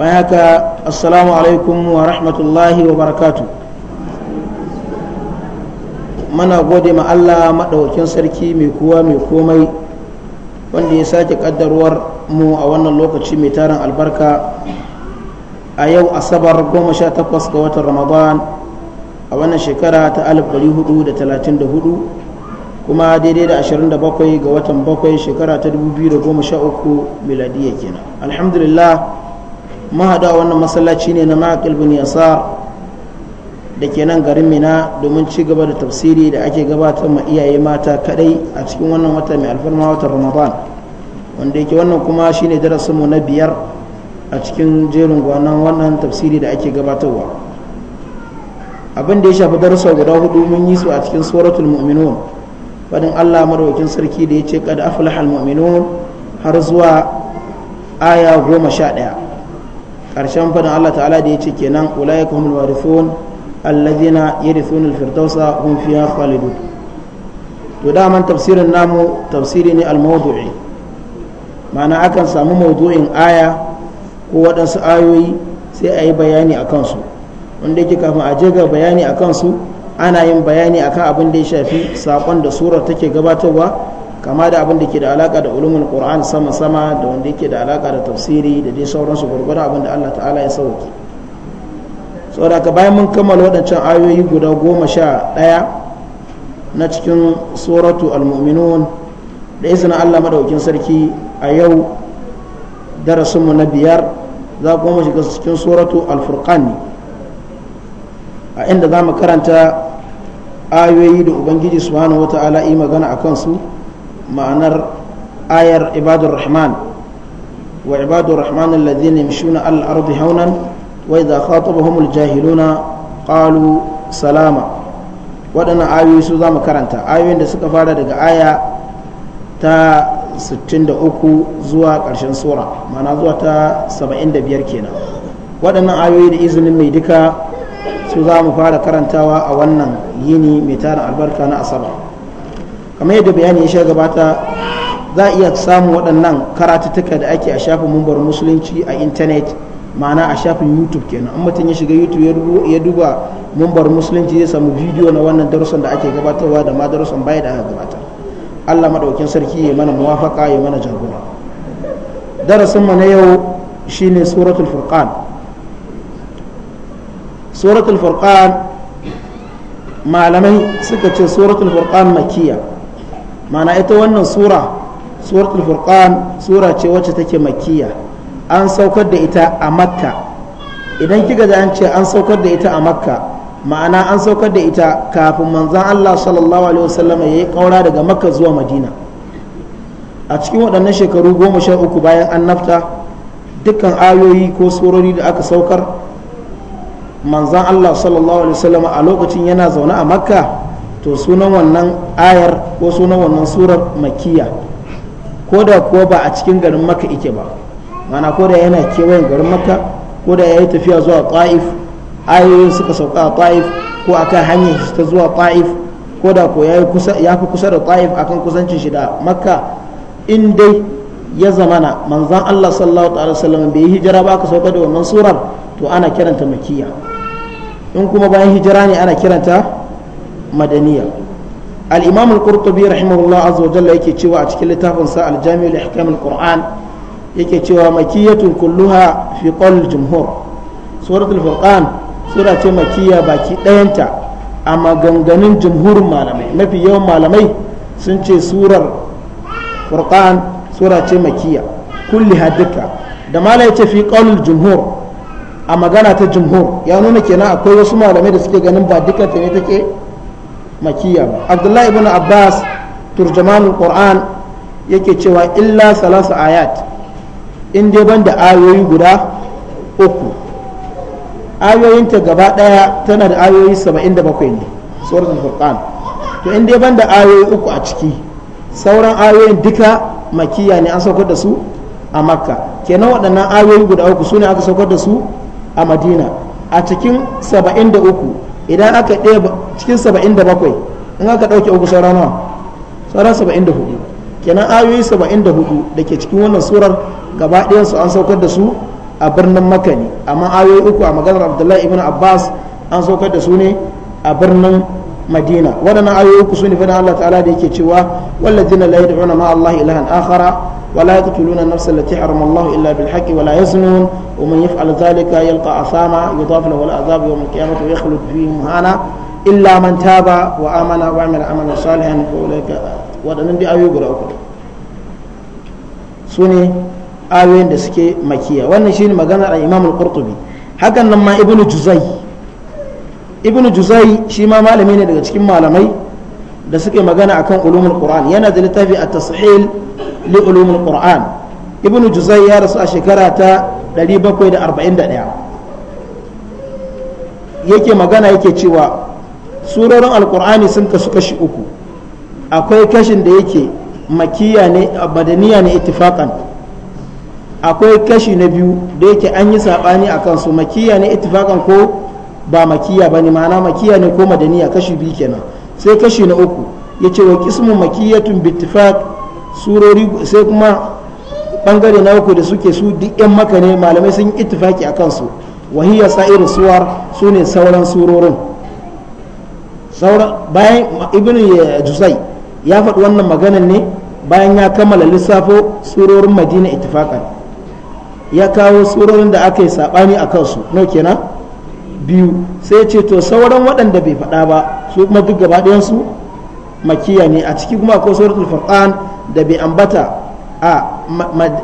bayan haka assalamu alaikum wa rahmatullahi wa barakatu mana gode ma Allah maɗaukin sarki mai kowa mai komai wanda ya sake ƙaddarwar mu a wannan lokaci mai tarin albarka a yau asabar 18 ga watan ramadan a wannan shekara ta 1434 kuma daidai da 27 ga watan 7 shekara ta 2013 miladiyya kenan alhamdulillah mahada wannan masallaci ne na maƙil bin yasar da ke nan garin mina domin ci gaba da tafsiri da ake gabatar ma iyaye mata kadai a cikin wannan wata mai alfarma watan ramadan wanda yake wannan kuma shine darasinmu na biyar a cikin jerin gwanon wannan tafsiri da ake gabatarwa abin da ya shafi darussa guda hudu mun yi su a cikin suratul mu'minun fadin Allah maraukin sarki da ya ce kad aflahal mu'minun har zuwa aya goma sha ɗaya ƙarshen fadin Allah ta'ala da ya ce kenan ulaika humul warithun allazina yarithuna al-firdausa hum fiha khalidun to daman tafsirin namu tafsiri ne al mana ma'ana akan samu mawdu'in aya ko waɗansu ayoyi sai a yi bayani a kansu wanda yake kafin a je bayani a kansu ana yin bayani akan abin da ya shafi saƙon da surar take gabatarwa kama da abin da ke da alaka da ulumul qur'an sama sama da wanda yake da alaka da tafsiri da dai sauransu gurgurda abin da Allah ta'ala ya sauke saboda ka bayan mun kammala waɗancan ayoyi guda goma sha ɗaya na cikin suratu al-mu'minun da izinin Allah madaukin sarki a yau darasinmu na biyar za kuma shiga cikin suratu al-furqan a inda za mu karanta ayoyi da ubangiji subhanahu wata'ala yi magana a kansu ma'anar ayar ibadur rahman wa ibadur rahman alladhina yamshuna al ardi haunan wa idha khatabahum al jahiluna qalu salama waɗannan ayoyi su za karanta ayoyin da suka fara daga aya ta 63 zuwa ƙarshen sura mana zuwa ta 75 kenan waɗannan ayoyi da izinin mai duka su za mu fara karantawa a wannan yini mai tara albarka na asabar kamar yadda bayani ya sha gabata za a iya samun waɗannan karatuttuka da ake a shafin mumbar musulunci a intanet ma'ana a shafin youtube kenan in mutum ya shiga youtube ya duba mumbar musulunci zai samu bidiyo na wannan darussan da ake gabatarwa da ma darussan baya da aka gabata allah maɗaukin sarki ya mana muwafaka ya mana jagora darasin mu na yau shine suratul furqan suratul furqan malamai suka ce suratul furqan makiyya. ma'ana ita wannan sura suratul furqan sura ce wacce take makkiya an saukar da ita a makka idan kika da an ce an saukar da ita a makka ma'ana an saukar da ita kafin manzon Allah sallallahu alaihi wasallam yayi kaura daga makka zuwa madina a cikin waɗannan shekaru goma sha uku bayan an nafta dukkan ayoyi ko surori da aka saukar manzan Allah sallallahu alaihi wasallam a lokacin yana zaune a makka to sunan wannan ayar ko sunan wannan surar makiya ko da kuwa ba a cikin garin maka ike ba mana ko da yana kewayen garin maka ko da ya yi tafiya zuwa ta'if ayoyin suka sauka a ta'if ko a kan hanyar shi ta zuwa ta'if ko da ko ya fi kusa da ta'if akan kusancin shi da makka in dai ya zamana manzan allah sallallahu alaihi wasallam bai yi hijira ba aka sauka da wannan surar to ana kiranta makiya in kuma bayan hijira ne ana kiranta madaniya al-imam al-qurtubi rahimahullah azza wa jalla yake cewa a cikin littafin sa al-jami' al al-qur'an yake cewa makiyatun kulluha fi qawl jumhur suratul furqan sura ce makiya baki dayanta a maganganun jumhurin malamai mafi yawan malamai sun ce surar furqan sura ce makiya kulli haddaka da mala ya ce fi qawl jumhur a magana ta jumhur ya nuna kenan akwai wasu malamai da suke ganin ba duka ta ne take makiya ba abdullahi ibn abbas turjamanul qur'an yake cewa illa salasu ayat in dai ban da ayoyi guda uku ayoyinta gaba daya tana da ayoyi 77 ne suratul furqan to in dai ban da ayoyi uku a ciki sauran ayoyin duka makiya ne an saukar da su a makka kenan waɗannan ayoyi guda uku su ne aka saukar da su a madina a cikin 73 idan aka ɗaya cikin saba'in da bakwai in aka ɗauke uku sauran nawa sauran saba'in da hudu kenan ayoyi saba'in da hudu da ke cikin wannan surar gaba su an saukar da su a birnin makka ne amma ayoyi uku a maganar abdullahi ibn abbas an saukar da su ne a birnin madina waɗannan ayoyi uku su ne fadin allah ta'ala da yake cewa wallazina la yad'una ma'a allah ilahan akhara ولا يقتلون النفس التي حرم الله إلا بالحق ولا alzalika ومن يفعل ذلك يلقى أثاما يضاف له العذاب يوم القيامة ويخلد فيه مهانا إلا من تاب وآمن وعمل عملا صالحا فأولئك waɗannan dai ayoyi guda uku su ne ayoyin da suke makiya wannan shine maganar imam al-qurtubi hakan nan ma ibnu juzai shi ma malami ne daga cikin malamai da suke magana akan ulumul qur'an yana da littafi a tasheel li ulumul qur'an ibnu juzai ya rasu a shekara ta 741 yake magana yake cewa surorin alqur'ani sun kasu kashi uku akwai kashin da yake makiya ne badaniya ne ittifaqan akwai kashi na biyu da yake an yi sabani akan su makiya ne ittifaqan ko ba makiya bane ma'ana makiya ne ko madaniya kashi biyu kenan sai kashi na uku ya ce wa kismu makiyatun bittifaq surori sai kuma bangare na uku da suke su duk yan maka ne malamai sun yi ittifaki a kansu wahiyar sa'irin suwar su ne sauran surorin bayan ibn jusai ya faɗi wannan maganan ne bayan ya kammala lissafo surorin madina ittifakan ya kawo surorin da aka yi saɓani a kansu no kenan biyu sai ce to sauran waɗanda bai faɗa ba su kuma duk gaba ɗayansu makiya ne a ciki kuma akwai suratul furqan da bai ambata a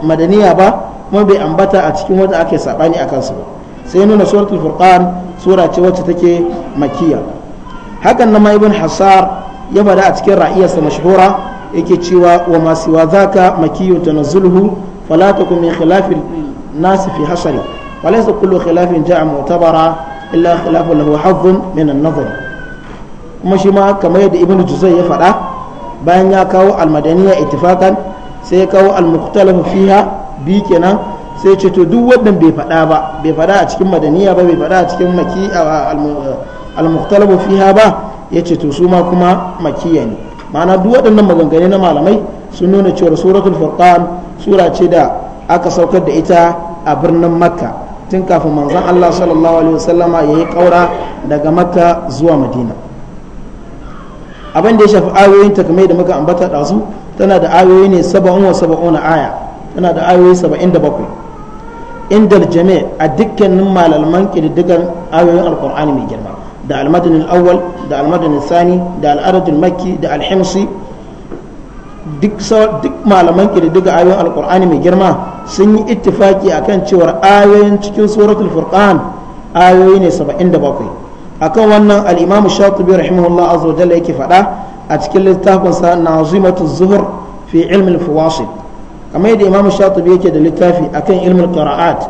madaniya ba kuma bai ambata a cikin wanda ake sabani akan su ba sai nuna suratul furqan sura ce wacce take makiya hakan nan ma ibn hasar ya bada a cikin ra'iyarsa mashhura yake cewa wa ma siwa zaka makiyu tanzuluhu fala takum min khilafin nas fi hasari kullu khilafin ja'a mu'tabara illa khilafu lahu له min an النظر kuma shi ma kamar yadda ibn juzai ya faɗa bayan ya kawo almadaniya ittifakan sai ya kawo almuktalafu fiha bi kenan sai ce to duk wannan bai faɗa ba bai faɗa a cikin madaniya ba bai faɗa a cikin maki almuktalafu fiha ba ya ce to su ma kuma makiya ne ma'ana duk waɗannan maganganu na malamai sun nuna cewar suratul furqan sura ce da aka saukar da ita a birnin makka tun kafin manzon allah sallallahu alaihi wasallama ya yi ƙaura daga makka zuwa madina abin da ya shafi ayoyin ta kamar da muka ambata da su tana da ayoyi ne saba'un wa saba'un aya tana da ayoyi saba'in da bakwai indal jami' a dukkanin malaman kididdigan ayoyin alqur'ani mai girma da almadinin awwal da almadinin sani da al-arad makki da al-himsi duk malaman kididdiga ayoyin alqur'ani mai girma sun yi ittifaki akan cewar ayoyin cikin suratul furqan ayoyi ne da bakwai. akan wannan al-imam rahimahullah azza wa jalla yake faɗa a cikin littafinsa sa nazimatu zuhur fi ilm al kamar yadda imam shatibi yake da littafi akan ilm al-qira'at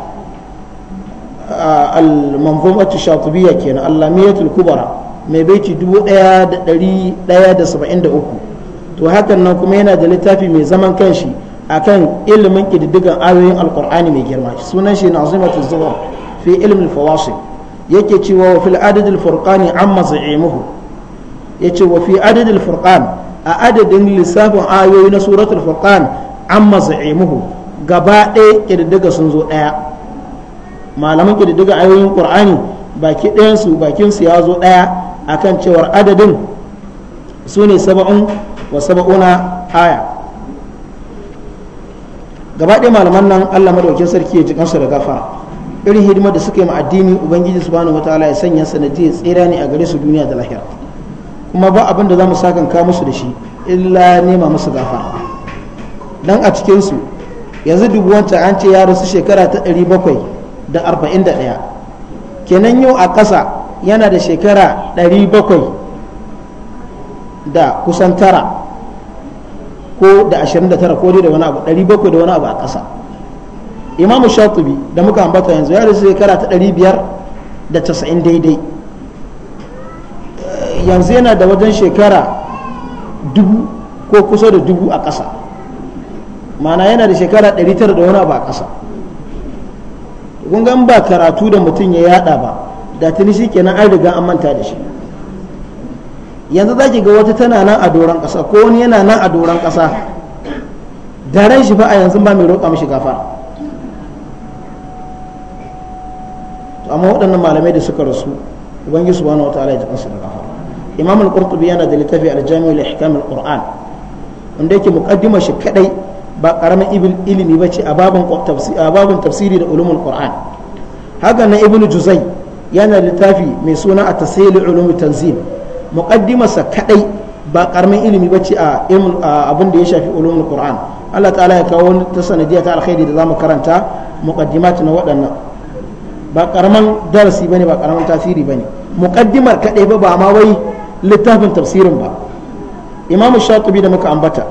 al-manzumatu shatibiyya kenan allamiyatul kubra mai baiti 1173 to hakan nan kuma yana da littafi mai zaman kanshi akan ilmin kididdigan ayoyin alkur'ani mai girma sunan shi nazimatul zuhur fi ilm al yake cewa wa fil adad furqani amma za'imuhu yace wa fi adadil furqan a adadin lissafin ayoyi na suratul furqan amma za'imuhu gaba ɗaya ƙididdiga sun zo ɗaya malaman ƙididdiga ayoyin qur'ani baki ɗayansu bakinsu ya zo ɗaya akan cewar adadin su ne saba'un wa saba'una aya gaba ɗaya malaman nan allah madaukin sarki ya ji kansu da gafara irin hidimar da suka yi ma addini ubangiji subhanahu wataala ya sanya sanadiyar tsira ne a gare su duniya da lahira kuma ba abin da za mu sakanka musu da shi illa nema musu gafa dan a cikin su yanzu dubu wancan an ce ya rasu shekara ta 741 kenan yau a ƙasa yana da shekara 700 da kusan tara ko da 29 ko dai da wani abu 700 da wani abu a ƙasa imam shatibi da muka ambata yanzu ya rasu shekara ta 590 daidai eh, yanzu yana da wajen shekara dubu ko kusa da dubu a ƙasa mana yana da shekara 900 da wani abu a ƙasa kun ba karatu da mutum ya yada ba da tuni shi kenan an riga an manta da shi yanzu za ki ga wata tana nan a doron ƙasa ko wani yana nan a doron ƙasa da ran shi fa a yanzu ba mai roƙa mishi gafara to amma waɗannan malamai da suka rasu ubangiji subhanahu wataala ya jikansu da imam al-qurtubi yana da littafi al-jami'u li ihkam al-qur'an wanda yake muqaddima shi kadai ba karamin ilimi bace a babin tafsiri a tafsiri da ulumul qur'an haka na ibn juzai yana littafi mai suna at-tasayil ulum tanzim muqaddima sa kadai ba karamin ilimi bace a abin da ya shafi ulumul qur'an Allah ta'ala ya kawo ta sanadiyya ta alkhairi da zamu karanta muqaddimat na waɗannan ba karaman darasi bane ba karaman tasiri bane muqaddimar kadai ba ba ma wai littafin tafsirin ba imam shatibi da muka ambata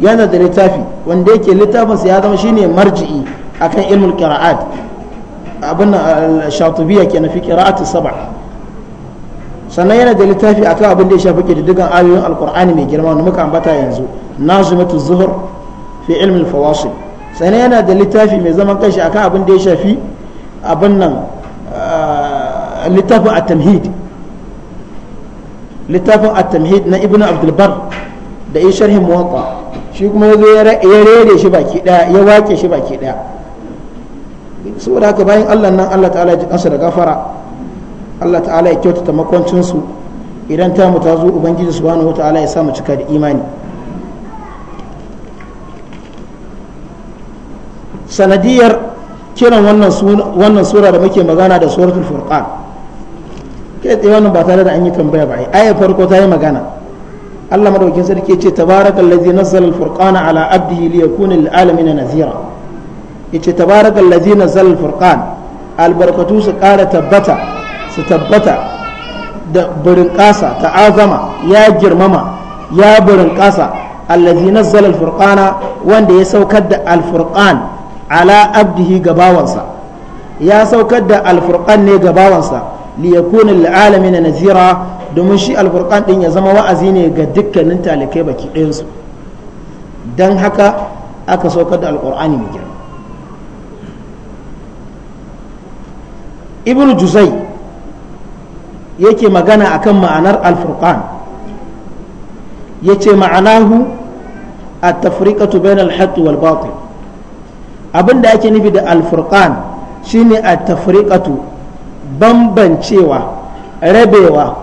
yana da littafi wanda yake littafin sa ya zama shine marji'i akan ilmul qira'at abin shatibiya kenan fi qira'atu sab'a sannan yana da littafi akan abin da ya shafi kididdigan ayoyin alqur'ani mai girma wanda muka ambata yanzu nazimatu zuhur fi ilmul fawasil sannan yana da littafi mai zaman kanshi akan abin da ya shafi abin nan ah, littafin at-tamhid littafin at-tamhid na ibnu bar da ya sharhin muwaqqa shi kuma yazo ya rere shi baki daya ya wake shi baki daya saboda haka bayan allah nan allah ta'ala ya ji kansa da gafara allah ta'ala ya kyautata su idan ta mu ta zo ubangiji subhanahu wa ta'ala ya sa mu cika da imani sanadiyar kiran wannan sura da muke magana da suratul furqan kai tsaye wannan ba tare da an yi tambaya ba ayar farko ta yi magana Allah madaukin sarki ce tabarakal ladzi nazzala al-furqana ala abdihi liyakuna lil alamin nazira yace tabarakal ladzi nazzala al-furqan albarkatu su kara tabbata su tabbata da burin kasa ta azama ya girmama ya burin kasa allazi nazzala al-furqana wanda ya saukar da al-furqan ala abdihi ga bawansa ya saukar da alfurkan ne ga bawansa li la'alami na nazira domin shi alfurkan din ya zama wa'azi ne ga dukkanin talikai baki ɗayansu don haka aka saukar da alkur'ani mai girma ibn juzai yake magana a kan ma'anar alfurqan yace ma'anahu at-tafriqatu bainal haqqi wal abin da ake nufi da alfurkan shine a tafriqatu bambancewa rabewa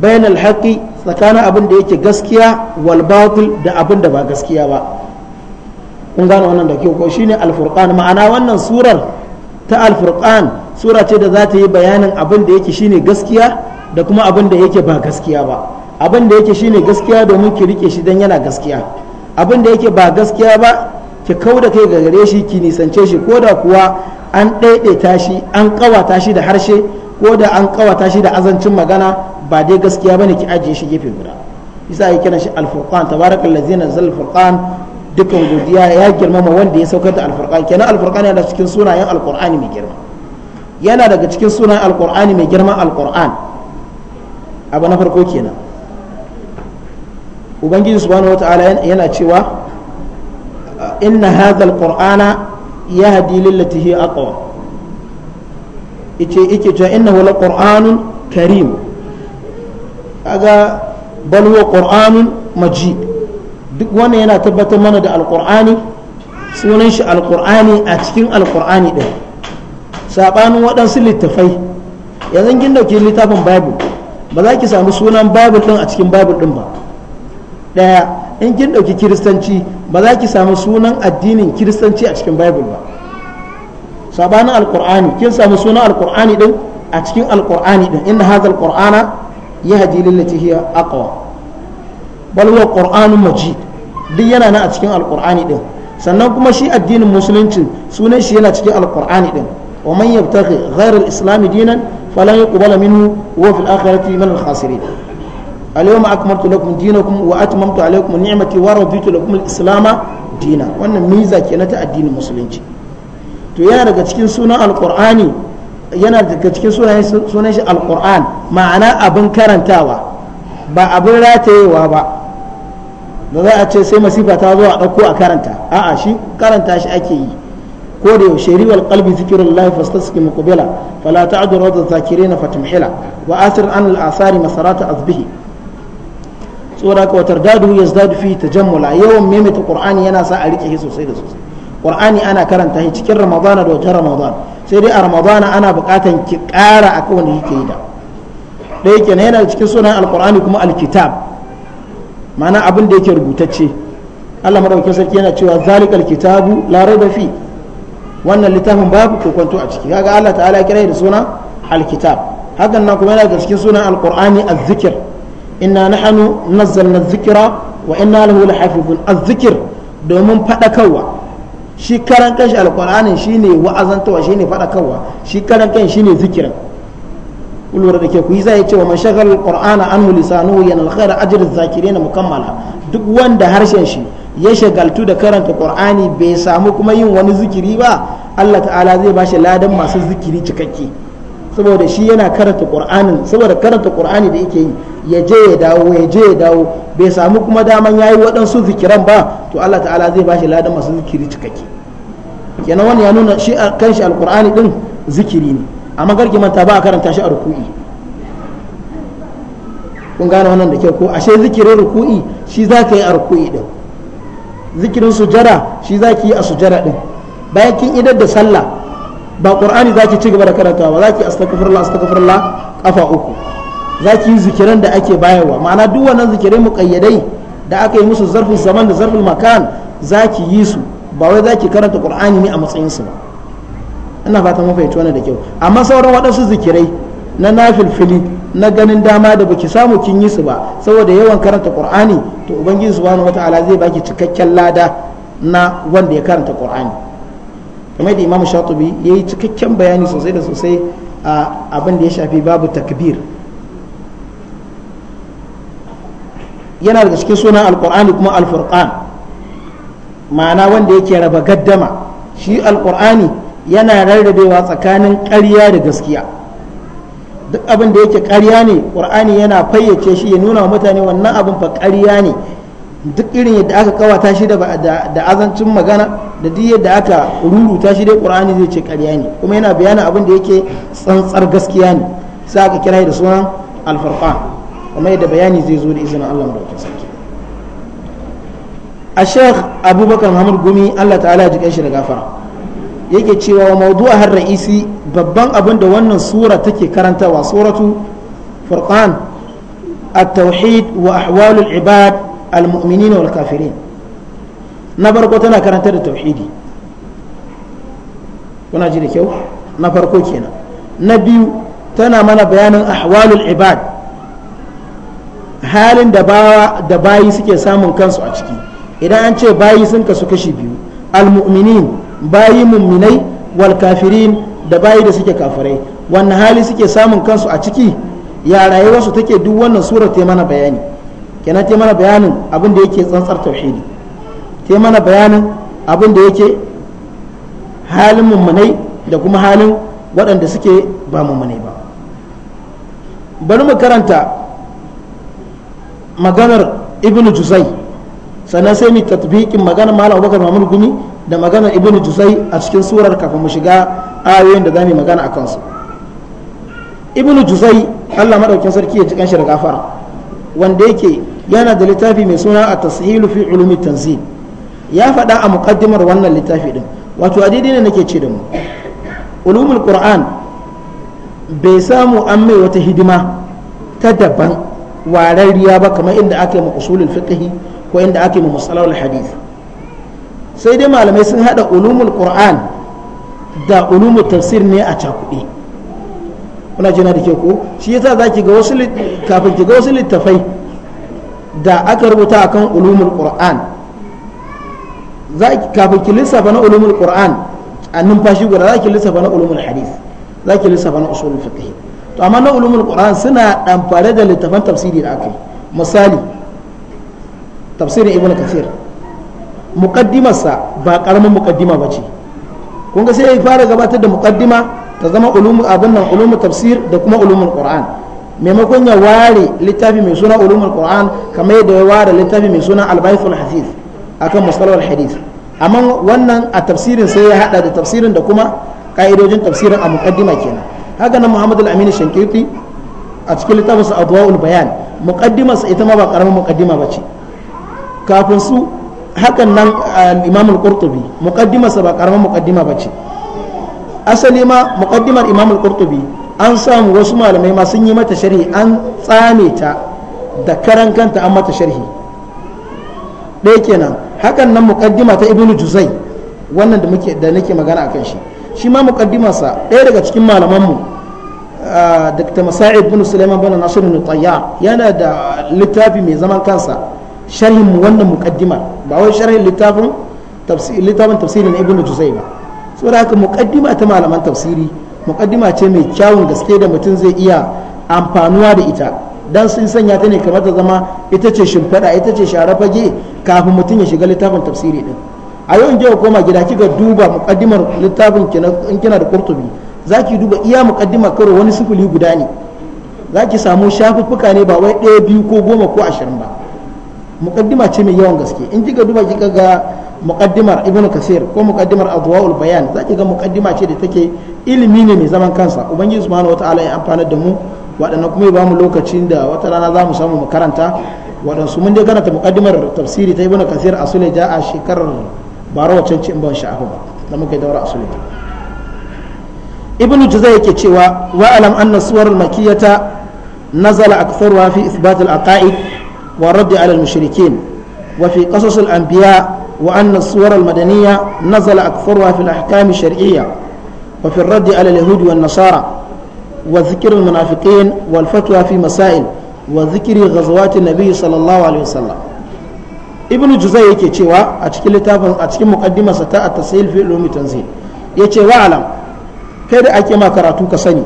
bayan alhaki tsakanin abin da yake gaskiya walbatul da abin da ba gaskiya ba kun gano wannan da kyau ko shine alfurkan ma'ana wannan surar ta alfurkan sura ce da za ta yi bayanin abin da yake shine gaskiya da kuma abin da yake ba gaskiya ba abin da yake shine gaskiya domin ki rike shi don yana gaskiya abin da yake ba gaskiya ba ki kau da kai gare shi ki nisance shi ko da kuwa an ɗaiɗaita shi an ƙawata shi da harshe ko da an ƙawata shi da azancin magana ba dai gaskiya bane ki ajiye shi gefe guda isa ake kiran shi alfurqan tabarakal ladzi zan furqan dukan godiya ya girmama wanda ya saukar da alfurqan kenan alfurqan yana cikin sunayen alqur'ani mai girma yana daga cikin sunayen alqur'ani mai girma alqur'an abu na farko kenan ubangiji subhanahu wataala yana cewa inna hadha alqur'ana yahdi lillati hi aqwa ice yake cewa innahu laqur'anun karim kaga bal huwa qur'anun majid duk wannan yana tabbatar mana da alqur'ani sunan shi alqur'ani a cikin Alƙur'ani din sabanin waɗansu littafai yanzu kin dauke littafin babu ba za ki samu sunan babu ɗin a cikin babu ɗin ba Ɗaya. in kin ɗauki kiristanci ba za ki samu sunan addinin kiristanci a cikin bible ba sabanin alkur'ani kin samu sunan alkur'ani din a cikin alkur'ani din inda hadha ya yahdi lillati hiya aqwa bal huwa qur'anun majid duk yana nan a cikin alkur'ani din sannan kuma shi addinin musulunci sunan shi yana cikin alkur'ani din wa man yabtaghi ghayra al dinan falan yuqbala minhu wa fil akhirati min al-khasirin al-yawma akmaltu lakum dinakum wa atmamtu alaykum ni'mati wa raditu lakum al-islam dina wannan miza kenan musulunci to yana daga cikin sunan alqur'ani yana daga cikin sunan shi alqur'an ma'ana abin karantawa ba ratayewa ba da za a ce sai masifa ta zo a ɗauko a karanta a'a shi karanta shi ake yi ko da yaushe riwal qalbi Lahi, fastasqi muqbila fala ta'du radu zakirin fatumhila wa asir an al-asari masarata azbihi saboda wata watar dadu ya zadu fi jammala yawan maimaita qur'ani yana sa a rike shi sosai da sosai qur'ani ana karanta shi cikin ramadana da wajen ramadana sai dai a ramadana ana buƙatan ki ƙara akan wanda kike yi da ɗaya kenan yana cikin sunan alqur'ani kuma alkitab ma'ana abin da yake rubutacce Allah madaukakin sarki yana cewa zalikal kitabu la raiba fi wannan littafin babu kokonto a ciki kaga Allah ta'ala kira da suna alkitab hakan nan kuma yana da cikin sunan alqur'ani azzikr inna na nazzalna dhikra wa inna lahu lahafizun azzikir domin fadakarwa shi karan kanshi alqur'anin shine wa'azantawa shine fadakarwa shi karan kanshi shine zikirin ulwar da ke ku yi zai ce wa man shagal alqur'ana anhu lisanuhu yanal khaira ajr zakirina mukammala duk wanda harshen shi ya shagaltu da karanta qur'ani bai samu kuma yin wani zikiri ba Allah ta'ala zai bashi ladan masu zikiri cikakke saboda shi yana karanta qur'anin saboda karanta qur'ani da yake yi ya je ya dawo ya je ya dawo bai samu kuma daman yayi waɗansu zikiran ba to Allah ta'ala zai bashi ladan masu zikiri cikakke kenan wani ya nuna shi a kanshi alqur'ani din zikiri ne amma garki manta ba a karanta shi a ruku'i kun gane wannan da kyau ko ashe zikirin ruku'i shi za ka yi a ruku'i din zikirin sujara shi za yi a sujara din bayan kin idar da sallah ba qur'ani zaki ci gaba da karanta karantawa zaki astaghfirullah astaghfirullah kafa uku zaki yi zikiran da ake bayarwa ma'ana duk wannan zikirai muqayyadai da aka yi musu zarfin zaman da zarfin makan zaki yi su ba wai zaki karanta qur'ani ne a matsayin su ba ina fata mun fahimci wannan da kyau amma sauran waɗansu zikirai na nafilfili na ganin dama da baki samu kin yi su ba saboda yawan karanta qur'ani to ubangiji subhanahu wataala zai baki cikakken lada na wanda ya karanta qur'ani kamar da imam shatubi ya yi cikakken bayani sosai da sosai a abin da ya shafi babu takbir yana daga cikin sunan alkur'ani kuma alfurqan ma'ana wanda yake raba gaddama shi alkur'ani yana rarrabewa tsakanin ƙarya da gaskiya duk abin da yake ƙarya ne ƙur'ani yana fayyace shi ya nuna wa mutane wannan abin fa ƙarya ne duk irin yadda aka kawata shi da da azancin magana da duk yadda aka ruruta shi dai qur'ani zai ce ƙarya ne kuma yana bayana abin da yake tsantsar gaskiya ne sai aka kira da sunan al-furqan kuma yadda bayani zai zo da izinin Allah madaukakin a sheikh abubakar muhammad gumi Allah ta'ala jikin shi da gafara yake cewa wa mawdu'a har ra'isi babban abin da wannan sura take karantawa suratu furqan at-tauhid wa ahwalul ibad al-mu'minina na farko tana karanta da tauhidi kuna ji kyau na farko kenan na biyu tana mana bayanin ahwalul ibad halin da da bayi suke samun kansu a ciki idan an ce bayi sun kasu kashi biyu al bayi mumminai wal kafirin da bayi da suke kafirai wannan hali suke samun kansu a ciki ya rayuwarsu take duk wannan surar ta mana bayani kenan ta mana bayanin abin da yake tsantsar tauhidi ta mana bayanin abin da yake halin mummunai da kuma halin waɗanda suke ba mummunai ba bari mu karanta maganar ibn juzai sannan sai mu tatbikin maganar malam abubakar mahmud gumi da maganar ibn juzai a cikin surar kafin mu shiga ayoyin da za mu yi magana a kansu ibn juzai allah maɗaukin sarki ya ji kanshi da gafara wanda yake yana da littafi mai suna a tashilu fi ulumi tanzil ya faɗa a muqaddimar wannan littafi din wato a daidai ne nake ce da mu ulumul qur'an bai samu an mai wata hidima ta daban warariya ba kamar inda ake mu usulul ko inda ake mu musalahul hadith sai dai malamai sun hada ulumul qur'an da ulumul tafsir ne a cakuɗe kuna jina da ke ko shi yasa zaki ga wasu kafin ki ga wasu littafai da aka rubuta akan ulumul qur'an kafin ki lissafa na ulumul qur'an a numfashi guda za ki lissafa na ulumul hadith za ki lissafa na usulul fiqh to amma na ulumul qur'an suna damfare da littafan tafsiri da aka yi misali tafsirin ibn kathir muqaddimarsa ba karamin muqaddima bace kun ga sai ya fara gabatar da muqaddima ta zama ulumul abin nan ulumul tafsir da kuma ulumul qur'an maimakon ya ware littafi mai suna ulumul qur'an kamar yadda ya ware littafi mai suna albaiful hadith akan mustalahul hadith amma wannan a tafsirin sai ya hada da tafsirin da kuma ka'idojin tafsirin a muqaddima kenan haka nan muhammad al-amin shankirti a cikin littafinsa adwaul bayan muqaddimarsa ita ma ba karamin muqaddima bace kafin su hakan nan imam al-qurtubi muqaddimarsa ba karamin muqaddima bace asali ma muqaddimar imam al-qurtubi an samu wasu malamai ma sun yi mata sharhi an tsame ta da karan kanta an mata sharhi ɗaya kenan hakan nan mukaddima ta ibnu juzai wannan da muke da nake magana akan shi shi ma mukaddimarsa ɗaya daga cikin malamanmu dr masa'id bin sulaiman bin nasiru na yana da littafi mai zaman kansa sharhin wannan mukaddima ba wai sharhin littafin tafsirin ibnu juzai ba saboda haka mukaddima ta malaman tafsiri mukaddima ce mai kyawun gaske da mutum zai iya amfanuwa da ita dan sun sanya ta ne kamar ta zama ita ce shimfada ita ce share fage kafin mutum ya shiga littafin tafsiri din a yau inda koma gida kika duba mukaddimar littafin in kina da kurtubi za ki duba iya mukaddima karo wani sifili guda ne za ki samu shafuffuka ne ba wai ɗaya biyu ko goma ko ashirin ba mukaddima ce mai yawan gaske in kika duba kika ga muƙaddimar ibnu kasir ko mukaddimar adwaul bayan za ki ga mukaddima ce da take ilimi ne mai zaman kansa ubangiji subhanahu wataala ya amfanar da mu waɗannan kuma ya ba mu lokacin da wata rana za mu samu mu karanta waɗansu mun dai karanta muƙaddimar tafsiri ta ibn kasir a suleja a shekarar bara wacce ci in ban sha'afa ba da muka daura a suleja ibn yake cewa wa alam anna suwar makiyata nazala aktharuha fi ithbat al-aqaid wa radd al-mushrikin wa fi qasas al-anbiya wa anna al-madaniyya nazala aktharuha fi al وفي الرد على اليهود والنصارى وذكر المنافقين والفتوى في مسائل وذكر غزوات النبي صلى الله عليه وسلم ibn juzai yake cewa a cikin littafin a cikin muqaddimarsa ta at-tasahil fi ulumi tanzil yace kai da ake ma karatu ka sani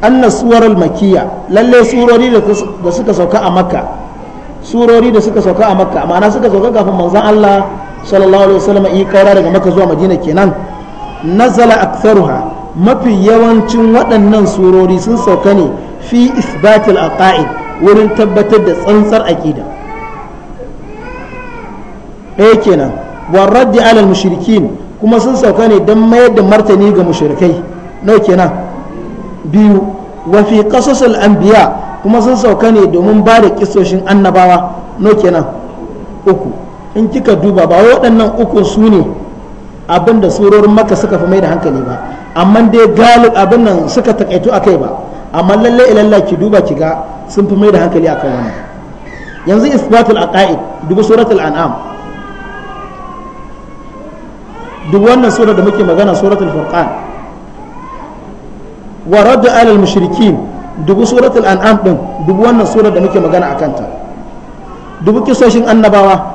anna suwaral makiyya lalle surori da makka da suka sauka a makka ma'ana suka sauka kafin manzon Allah sallallahu alaihi yi daga makka zuwa madina kenan nazala aktharuha mafi yawancin waɗannan surori sun sauka ne fi isbatil aqaid wurin tabbatar da tsantsar aqida ɗaya kenan wa raddi alal mushrikin kuma sun sauka ne don mayar da martani ga mushrikai nau kenan biyu wa fi qasasul anbiya kuma sun sauka ne domin ba da kisoshin annabawa nau kenan uku in kika duba ba waɗannan uku su ne abin da surorin maka suka fi mai da hankali ba amma dai galib abin nan suka takaitu a kai ba amma lalle ilallai ki duba ki ga sun fi mai da hankali akan wannan yanzu isbatul aqaid dubu suratul an'am duk wannan sura da muke magana suratul furqan wa radda al mushrikin dubu suratul an'am din dubu wannan sura da muke magana akan ta dubu kisoshin annabawa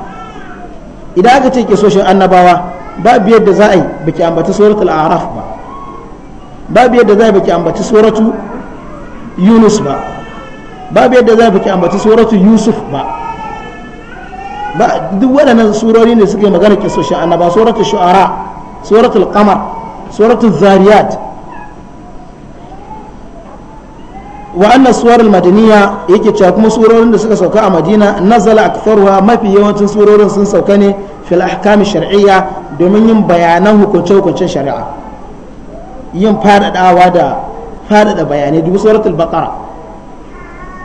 idan aka ce kisoshin annabawa babu yadda za a yi baki ambaci suratul araf ba babu yadda za a yi baki ambaci suratu yunus ba babu yadda za a yi baki ambaci suratu yusuf ba duk waɗannan surori ne suke magana ke kisoshin ba suratul shu'ara suratul qamar suratul zariyat wa anna suwarul madaniya yake cewa kuma surorin da suka sauka a madina nazala aktharuha mafi yawancin surorin sun sauka ne fil ahkam shar'iyya domin yin bayanan hukunce-hukuncen shari'a yin faɗaɗawa da faɗaɗa bayanai dubu suratul baqara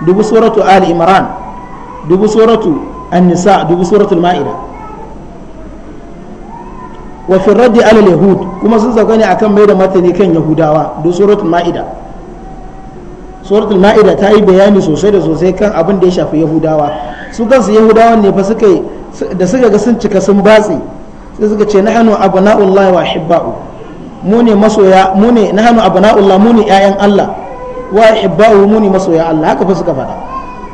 dubu suratu ali imran dubu suratu an-nisa dubu suratul ma'ida wa fi raddi alal yahud kuma sun sauka ne akan mai da martani kan yahudawa dubu suratul ma'ida suratul ma'ida ta yi bayani sosai da sosai kan abin da ya shafi yahudawa su kansu yahudawan ne fa suka da suka ga sun cika sun batsi sai suka ce nahnu abna'ullahi wa hibba'u mu ne masoya mu ne nahnu abna'ullah mu ne ƴaƴan Allah wa hibba'u mu ne masoya Allah haka fa suka faɗa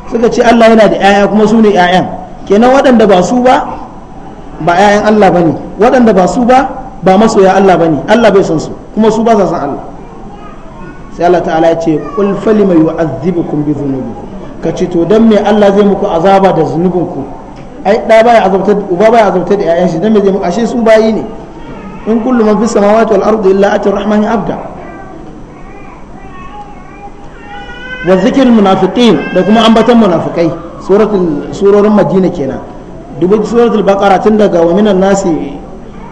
suka ce Allah yana da ƴaƴa kuma su ne ƴaƴan kenan waɗanda ba su ba ba ƴaƴan Allah bane waɗanda ba su ba ba masoya Allah bane Allah bai san su kuma su ba sa san Allah sai Allah ta'ala ya ce qul falima yu'adhibukum bi dhunubikum kace to dan me Allah zai muku azaba da zunubinku ai da baya azabtar uba baya azabtar da ƴaƴan shi dan me zai ashe su bayi ne in kullu man fis samawati wal ardi illa atir rahmani abda wa zikr munafiqin da kuma ambatan munafikai suratul surorin madina kenan dubu suratul baqara tun daga wa minan nasi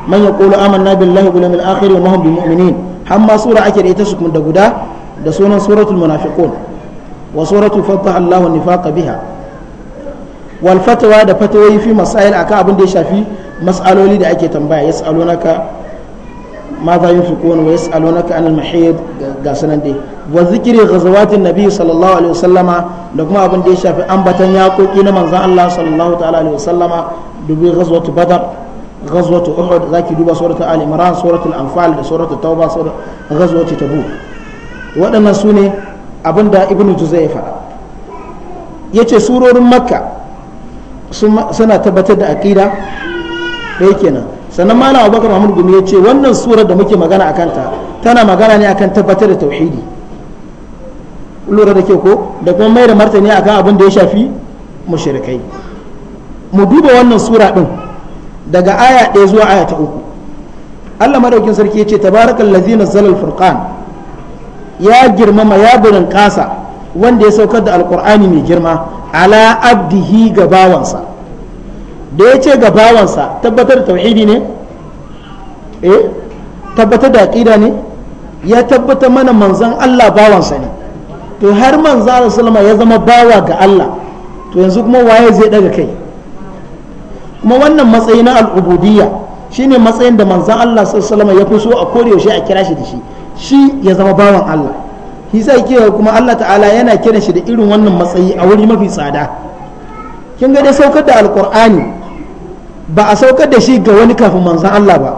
man yaqulu amanna billahi wal yawmil akhir wa hum muminin amma sura ake da ita su da guda da sunan suratul munafiqun wa suratul fadha Allahu nifaqa biha wal fatawa da fatawoyi fi masail akan abin da ya shafi mas'aloli da ake tambaya ya yas'alunaka ma za yunfiqun wa ya yas'alunaka anil mahid ga sanan dai wa zikri ghazawatin nabi sallallahu alaihi wasallama da kuma abin da ya shafi ambatan yaƙoƙi na manzon Allah sallallahu ta'ala alaihi wasallama dubi ghazwatu badar ghazwatu uhud zaki duba suratul ali imran suratul anfal da suratul tauba suratul ghazwatu tabuk waɗannan su ne abin da ibnu juzai ya faɗa yace surorin makka suna tabbatar da aƙida yake kenan sannan malam abubakar mahmud gumi ya ce wannan surar da muke magana a kanta tana magana ne akan tabbatar da tauhidi lura da ke ko da kuma mai da martani akan abin da ya shafi mushrikai mu duba wannan sura din daga aya ɗaya zuwa aya ta uku Allah madaukin sarki ya ce tabarakal ladzi zalal al-furqan ya girmama ya burin kasa wanda ya saukar da alkur'ani mai girma ala abdihi ga bawansa da ya ce ga bawansa tabbatar da tauhidi ne eh tabbatar da aqida ne ya tabbatar mana manzan Allah bawansa ne to har manzan sallama ya zama bawa ga Allah to yanzu kuma waye zai daga kai kuma wannan matsayi na al'ubudiyya shine matsayin da manzan Allah sallama ya fi so a kore yaushe a kira shi da shi shi ya zama bawan Allah yasa yake kuma Allah ta'ala yana kiran shi da irin wannan matsayi a wuri mafi tsada kin ga dai saukar da alqur'ani ba a saukar da shi ga wani kafin manzon Allah ba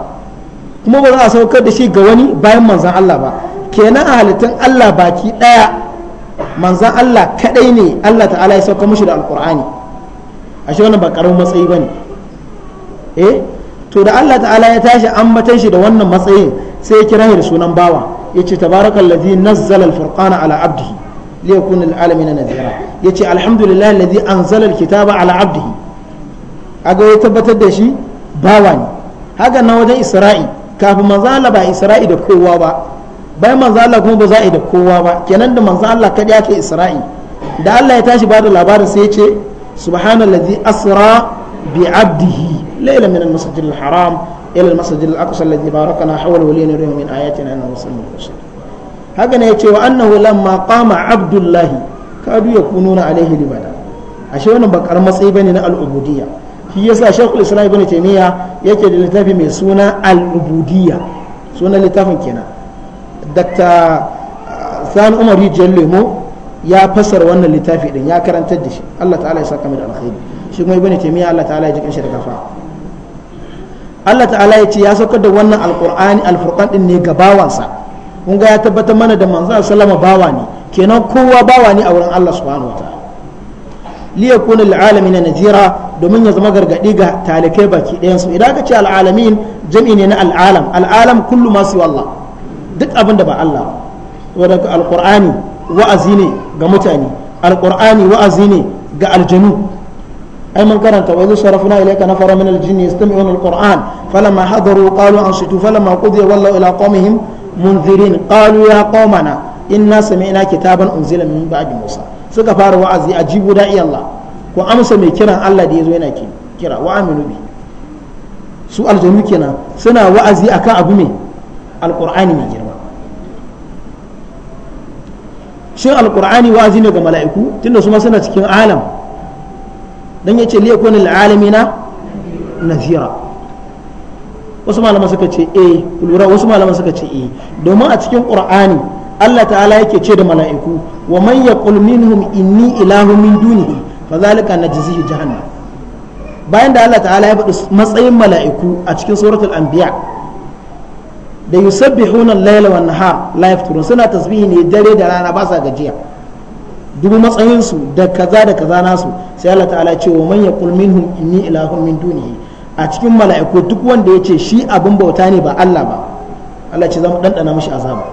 kuma ba za a saukar da shi ga wani bayan manzon Allah ba kenan a halittun Allah baki daya manzon Allah kadai ne Allah ta'ala ya sauka mushi da alqur'ani ashe wannan ba karamin matsayi bane eh to da Allah ta'ala ya tashi ambatan shi da wannan matsayin sai ya kira shi da sunan bawa yace tabarakal ladhi nazzala al ala abdihi liyakun lil nadhira yace alhamdulillah alladhi anzala alkitaba ala abdihi aga ya tabbatar da shi bawa ne haka na wajen isra'i kafin manzo ba isra'i da kowa ba bai manzo Allah kuma ba za'i da kowa ba kenan da manzo Allah kadai ake isra'i da Allah ya tashi ba da labarin sai ya ce subhanallazi asra bi abdihi laylan min al haram إلى المسجد الأقصى الذي باركنا حوله لنريه من آياتنا أنه سميع بصير هكذا يتي وأنه لما قام عبد الله كادوا يكونون عليه لبدا ashe wannan ba karamar na al'ubudiyya shi yasa shekul islam ibn taymiya yake da mai suna al'ubudiyya sunan littafin sani umar rijiyar lemo ya fasar wannan littafi din ya karantar da shi allah ta'ala ya saka mai kuma ibn ya jikin shi da kafa Allah ta'ala ya ce ya saukar da wannan alqur'ani alfurqan din ne ga bawansa kun ga ya tabbatar mana da manzo sallama bawa ne kenan kowa bawa ne a wurin Allah subhanahu wataala li yakuna alalamin nazira domin ya zama gargadi ga talikai baki ɗayan su idan ka ce alalamin jam'i ne na alalam alalam kullu ma su Allah duk abin da ba Allah saboda alqur'ani wa'azi ne ga mutane alqur'ani wa'azi ne ga aljanu أي من قرأت وإذ صرفنا إليك نفر من الجن يستمعون القرآن فلما حضروا قالوا أنصتوا فلما قضي ولوا إلى قومهم منذرين قالوا يا قومنا إنا سمعنا كتابا أنزل من بعد موسى suka fara wa'azi ajibu da'i Allah ko amsa mai kiran Allah da yazo yana kira wa aminu bi su aljanu kenan suna wa'azi akan abu mai alqur'ani mai girma shin alƙur'ani wa'azi ne ga mala'iku tunda suma suna cikin alam dan yace li yakuna lil na nazira wasu malaman suka ce eh lura wasu malaman suka ce eh domin a cikin qur'ani Allah ta'ala yake ce da mala'iku wa man yaqul minhum inni ilahu min dunihi fadhalika najzihi jahannam bayan da Allah ta'ala ya faɗi matsayin mala'iku a cikin suratul anbiya da yusabbihuna al-laila wan nahar la yafturun suna tasbihi ne dare da rana ba sa gajiya dubu matsayinsu da kaza da kaza nasu sai Allah ta'ala ce wa man yaqul minhum inni ilahun min dunihi a cikin mala'iku duk wanda ya ce shi abin bauta ne ba Allah ba Allah ce za mu dandana mishi azaba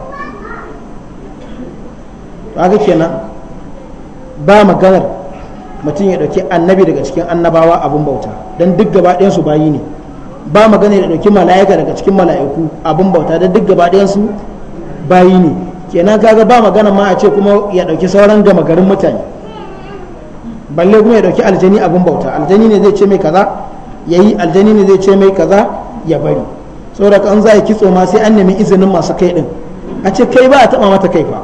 haka kenan ba maganar mutum ya dauki annabi daga cikin annabawa abin bauta dan duk gaba ɗayan su bayi ne ba maganar ya dauki mala'ika daga cikin mala'iku abin bauta dan duk gaba ɗayan su bayi ne kenan kaga ba magana ma a ce kuma ya dauki sauran gama garin mutane balle kuma ya dauki aljani abin bauta aljani ne zai ce mai kaza ya yi aljani ne zai ce mai kaza ya bari saboda an za a kitso ma sai an nemi izinin masu kai din a ce kai ba a taba mata kai fa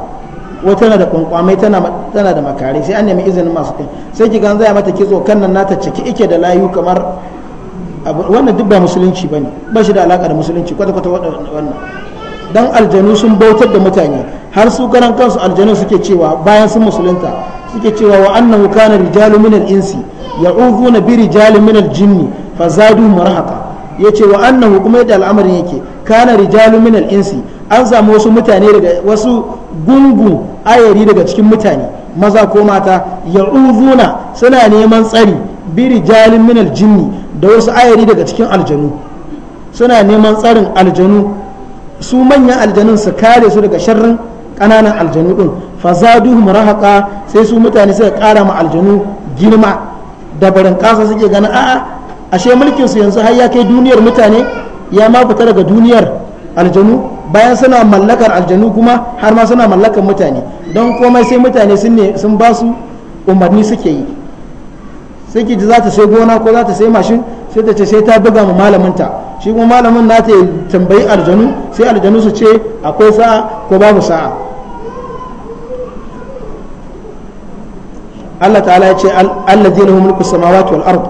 wata na da kwankwamai tana da makare sai an nemi izinin masu kai sai ki gan za a mata kitso kan nan nata ciki ike da layu kamar wannan duk ba musulunci bane ba shi da alaka da musulunci kwata kwata wannan dan aljanu sun bautar da mutane har su karan kansu aljanu suke cewa bayan sun musulunta suke cewa wa annahu kana rijalu minal insi ya'udhuna bi rijalin minal jinni fazadu marhaqa yace wa annahu kuma yadda al'amarin yake kana rijalu minal insi an samu wasu mutane daga wasu gungun ayari daga cikin mutane maza ko mata ya'udhuna suna neman tsari bi rijalin minal jinni da wasu ayari daga cikin aljanu suna neman tsarin aljanu su manyan aljanun su kare su daga sharrin kananan aljanu din fazaduhum rahaqa sai su mutane suka kara ma aljanu girma da barin kasa suke ganin a'a ashe mulkin su yanzu har ya kai duniyar mutane ya ma fita daga duniyar aljanu bayan suna mallakar aljanu kuma har ma suna mallakar mutane don komai sai mutane sun sun ba su umarni suke yi sai ki ji za ta sai gona ko za ta sai mashin sai ta ce sai ta buga ma malaminta shi kuma malamin na ta tambayi aljanu sai aljanu su ce akwai sa'a ko babu sa'a Allah ta'ala ya ce allah alladhina hum mulkin samawati wal ard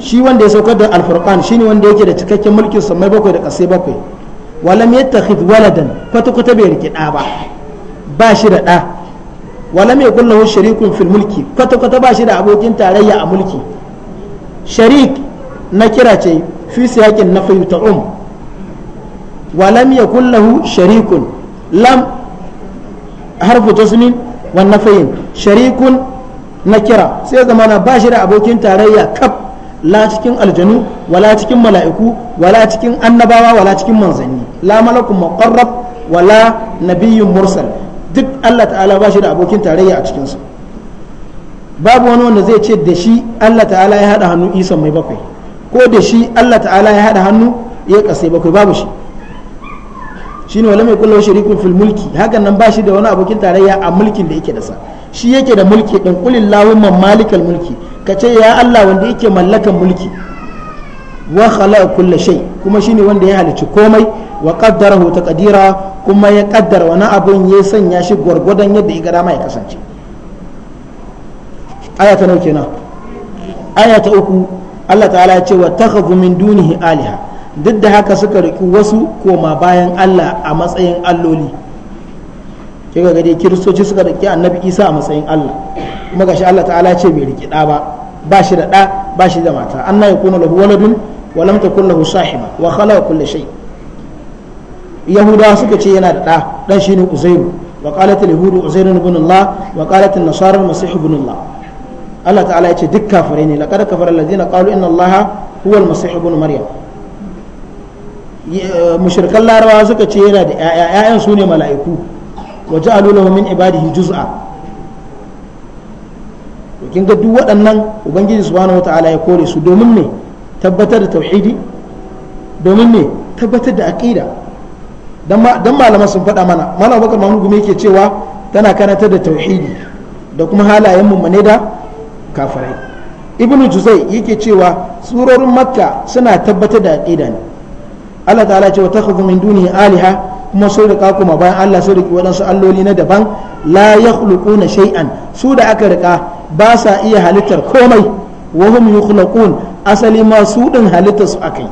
shi wanda ya saukar da alfurqan shine wanda yake da cikakken mulkin samai bakwai da kasai bakwai walam yattakhidh waladan kwata kwata bai rike da ba ba shi da da walam yakul lahu sharikun fil mulki kwata kwata ba shi da abokin tarayya a mulki sharik na kira ce fi yakin nafyi ta'um wa lam yakul lahu sharikun lam harfu tasmin wa nafyin sharikun nakira sai zamana ba shi da abokin tarayya kaf la cikin aljanu wala cikin mala'iku wala cikin annabawa wala cikin manzanni la malakun muqarrab wala nabiyyun mursal duk Allah ta'ala ba shi da abokin tarayya a cikinsu babu wani wanda zai ce da shi Allah ta'ala ya haɗa hannu isa mai bakwai ko da shi Allah ta'ala ya haɗa hannu ya kasai bakwai babu shi shi ne wani mai wa shirikun fil mulki hakan nan ba shi da wani abokin tarayya a mulkin da yake da sa shi yake da mulki din qulil lahumma malikal mulki ka ce ya Allah wanda yake mallakan mulki wa khalaqa shai shay kuma ne wanda ya halicci komai wa qaddarahu taqdira kuma ya kaddara wani abun ya sanya shi gwargwadon yadda ya ga dama ya kasance aya ta aya ta uku Allah ta'ala ya ce wa takhafu min dunihi aliha duk da haka suka riki wasu koma bayan Allah a matsayin alloli kika ga dai kiristoci suka riki annabi Isa a matsayin Allah kuma gashi Allah ta'ala ya ce bai riki da ba ba shi da da ba shi da mata anna yakuna lahu waladun wa lam takun lahu sahiba wa khalaqa kulli shay yahudawa suka ce yana da da dan shine uzairu wa qalat al-yahudu uzairun ibn Allah wa qalat an-nasara al-masih ibn Allah Allah ta'ala ya ce duk kafirai ne laqad kafara allazina qalu inna allaha huwa al-masih ibn maryam mushrikan Larawa suka ce yana da ƴaƴa ƴaƴan su ne mala'iku wa ja'alu lahu min ibadihi juz'a kin ga duk waɗannan ubangiji subhanahu wata'ala ya kore su domin me tabbatar da tauhidi domin me tabbatar da aqida dan malaman sun faɗa mana malama bakar mamun gume yake cewa tana karantar da tauhidi da kuma halayen mummune da kafirai ibnu juzai yake cewa surorin makka suna tabbatar da aqida ne Allah ta'ala ce wa takhudhu min dunihi aliha kuma sun rika kuma bayan Allah sun riki waɗansu alloli na daban la yakhluquna shay'an su da aka rika ba sa iya halittar komai wa hum yukhlaqun asali ma su din halitta su akai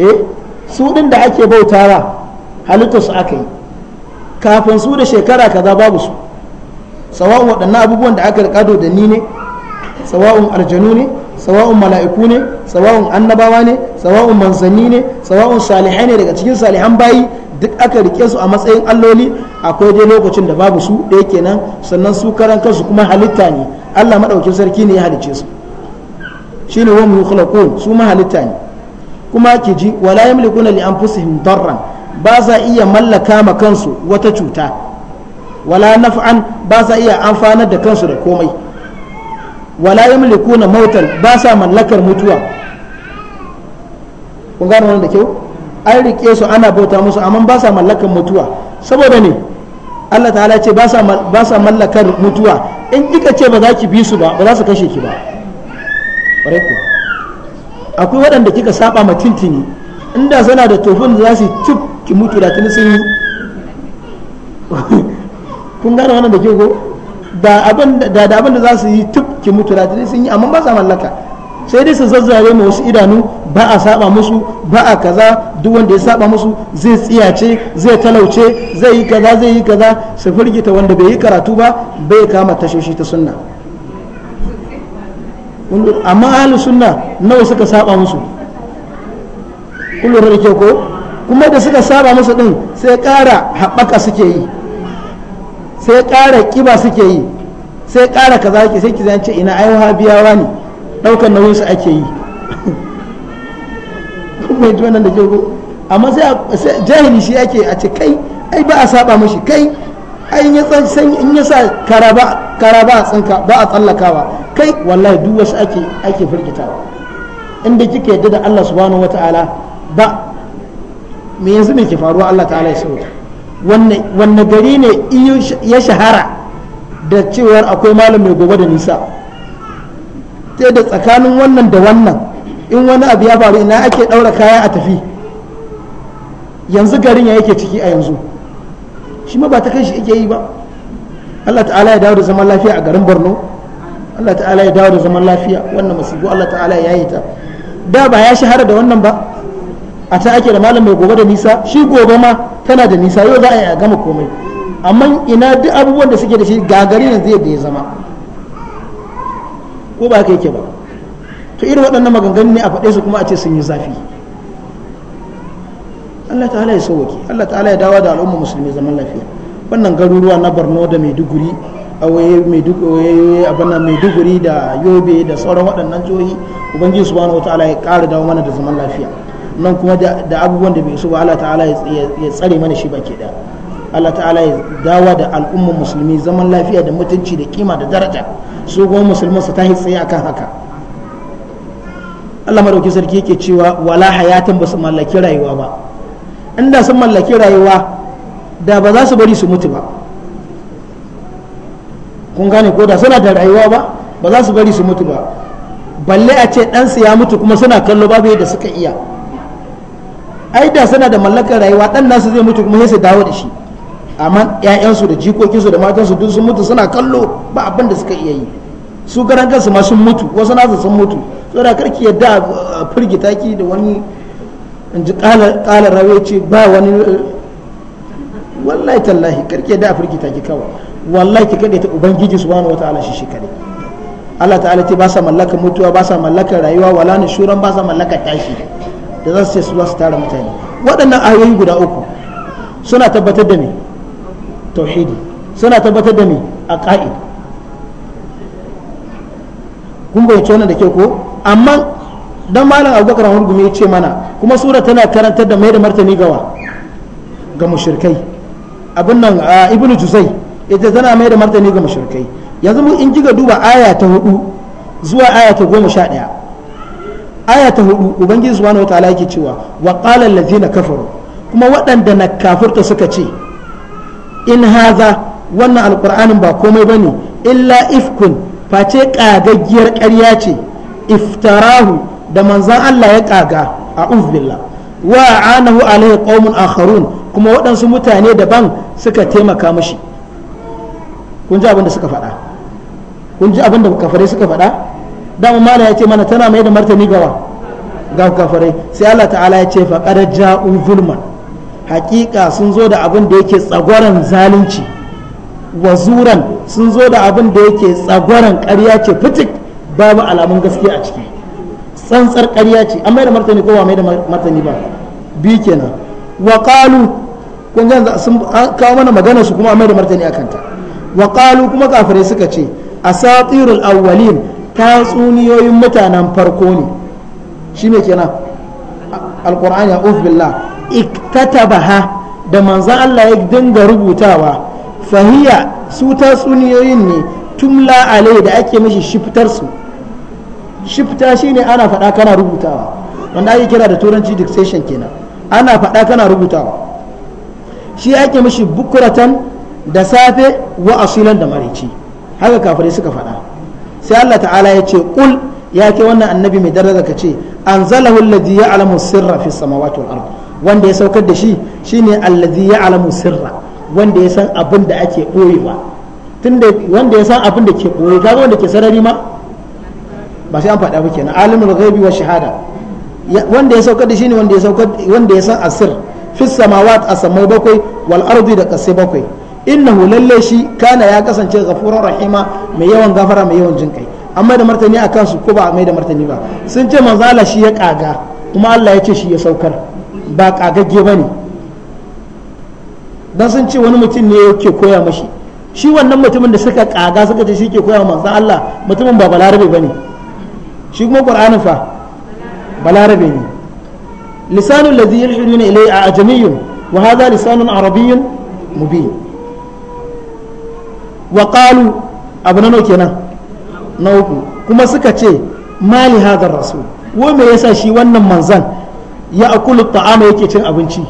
eh su din da ake bautawa halitta su akai kafin su da shekara kaza babu su sawa'un waɗannan abubuwan da aka rikado da ni ne sawa'un aljanu ne sawa'un mala'iku ne sawa'un annabawa ne sawa'un manzanni ne sawa'un salihai ne daga cikin salihan bayi duk aka rike su a matsayin alloli akwai dai lokacin da babu su ɗaya kenan sannan su karan kansu kuma halitta ne Allah maɗaukin sarki ne ya halicce su shine wa mukhlaqun su ma halitta ne kuma ki ji wala yamlikuna li anfusihim darran ba za iya mallaka ma kansu wata cuta wala naf'an ba sa iya amfanar da kansu da komai wala yamlikuna mautan ba sa mallakar mutuwa kun gane wannan da kyau an rike su ana bauta musu amma ba sa mallakar mutuwa saboda ne Allah ta'ala ce ba sa mallakar mutuwa in kika ce ba za ki bi su ba ba za su kashe ki ba akwai waɗanda kika saba ma tintini inda suna da tofin za su cip ki mutu da tuni sun yi kun gane wannan da ke ko da abin da za su yi tuk ki mutu da sun yi amma ba sa mallaka sai dai su zazzare ma wasu idanu ba a saba musu ba a kaza duk wanda ya saba musu zai tsiyace zai talauce zai yi kaza zai yi kaza su firgita wanda bai yi karatu ba bai kama tashoshi ta sunna amma ahlus sunna nawa suka saba musu kullum da ke ko kuma da suka saba musu din sai kara haɓaka suke yi sai ƙara ƙiba suke yi sai ƙara kaza ake sai ki zance ina ayo habiyawa ne ɗaukar nauyin su ake yi mai ji wannan da ke amma sai jahili shi ake a ce kai ai ba a saba mashi kai ai in ya sa karaba a tsinka ba a tsallakawa kai wallahi duk wasu ake ake firgitawa inda kika yadda da Allah subhanahu wataala ba me yanzu me ke faruwa Allah ta'ala ya sauya wanne gari ne ya shahara da cewar akwai malam mai gobe da nisa ta da tsakanin wannan da wannan in wani abu ya faru ina ake ɗaura kaya a tafi yanzu garin ya yake ciki a yanzu shi ma ba ta kan shi ake yi ba Allah ta'ala ya dawo da zaman lafiya a garin Borno Allah ta'ala ya dawo da zaman lafiya wannan masu Allah ta'ala ya yi ta da ba ya shahara da wannan ba a can ake da malam mai gobe da nisa shi gobe ma tana da nisa yau za a yi a gama komai amma ina duk abubuwan da suke da shi gagari yanzu yadda ya zama ko ba ka yake ba to irin waɗannan maganganu ne a faɗe su kuma a ce sun yi zafi Allah ta'ala ya sauwaki Allah ta'ala ya dawo da al'umma musulmi zaman lafiya wannan garuruwa na Borno da Maiduguri a Maiduguri da Yobe da sauran waɗannan jihohi ubangiji subhanahu Ta'ala ya ƙara dawo mana da zaman lafiya nan kuma da abubuwan da bai so ba Allah ta'ala ya tsare mana shi baki da, Allah ta'ala ya dawa da al'umman musulmi zaman lafiya da mutunci da kima da daraja su kuma musulman su tahi tsaye akan haka Allah madauki sarki yake cewa wala hayatan ba su mallaki rayuwa ba inda sun mallaki rayuwa da ba za su bari su mutu ba kun gane ko da suna da rayuwa ba ba za su bari su mutu ba balle a ce ɗansu ya mutu kuma suna kallo babu yadda suka iya ai da suna da mallakar rayuwa dan nasu zai mutu kuma sai dawo da shi amma ƴaƴansu da jikokinsu da matansu duk sun mutu suna kallo ba abin da suka iya yi su garan kansu ma sun mutu wasu nasu sun mutu saboda karki yadda a firgita ki da wani in ji kala rawe ce ba wani wallahi tallahi karki yadda a firgita ki kawai wallahi ki kade ta ubangiji subhanahu wataala shi shi kaɗai Allah ta'ala ce ba sa mallakar mutuwa ba sa mallakar rayuwa wala shuran ba sa mallakar tashi da za su ce su za su tara mutane waɗannan ayoyi guda uku suna tabbatar da me tauhidi suna tabbatar da me a ƙa'id kun bai wannan da ke ko amma dan malam abubakar hurgumi ya ce mana kuma sura tana karantar da mai da martani gawa ga mushrikai abin nan ibnu juzai ita tana mai da martani ga mushrikai yanzu in ga duba aya ta hudu zuwa aya ta goma sha ɗaya aya ta hudu ubangiji subhanahu ta'ala yake cewa wa qala allazina kafaru kuma waɗanda na kafurta suka ce in haza wannan alqur'anin ba komai bane illa ifkun face kagaggiyar ƙarya ce iftarahu da manzan Allah ya kaga a billah wa anahu alaihi qaumun akharun kuma waɗansu mutane daban suka taimaka mashi kun ji abin da suka faɗa kun ji abin da kafare suka faɗa dama mana ya ce mana tana mai da martani gawa ga kafare. sai Allah ta'ala ya ce fa ja'u zulma haƙiƙa sun zo da abin da yake tsagoran zalunci wazuran sun zo da abin da yake tsagoran ƙarya ce fitik babu alamun gaskiya a ciki tsantsar ƙarya ce an mai da martani kowa mai da martani ba bi kenan wa qalu kun ga sun kawo mana magana su kuma an mai da martani akan ta wa qalu kuma kafirai suka ce asatirul awwalin tatsuniyoyin mutanen farko ne shi ne kenan alkur'ani a'udhu billah iktatabaha da manzon Allah ya dinga rubutawa fahiya su tatsuniyoyin ne tumla alai da ake mishi shiftarsu shifta shi ne ana faɗa kana rubutawa wanda ake kira da turanci dictation kenan ana faɗa kana rubutawa shi ake mishi bukuratan da safe wa asilan da marici haka kafirai suka faɗa sai Allah ta'ala ya ce kul ya ke wannan annabi mai daraja ka ce anzalahu alladhi ya'lamu sirra fi samawati wal ard wanda ya saukar da shi shine alladhi ya'lamu sirra wanda ya san abin da ake koyewa tunda wanda ya san abin da ke koyi kaga wanda ke sarari ma ba sai an faɗa ba kenan alimul ghaibi wa shahada wanda ya saukar da shine wanda ya saukar wanda ya san asir fi samawat asamai bakwai wal ardi da kasai bakwai innahu lalle shi kana ya kasance ghafurur rahima mai yawan gafara mai yawan jinkai amma da martani a kansu ko ba a mai da martani ba sun ce manzala shi ya kaga kuma Allah ya ce shi ya saukar ba kagagge bane dan sun ce wani mutum ne yake koya mashi shi wannan mutumin da suka kaga suka ce shi ke koya manzo Allah mutumin ba balarabe bane shi kuma qur'anin fa balarabe ne lisanul ladhi yulhiduna ilayhi ajamiyyun wa hadha lisanun arabiyyun mubin wa qalu abu na nauke nan na uku kuma suka ce mali hadar rasu wani yasa shi wannan manzan ya akulu ta'ama yake cin abinci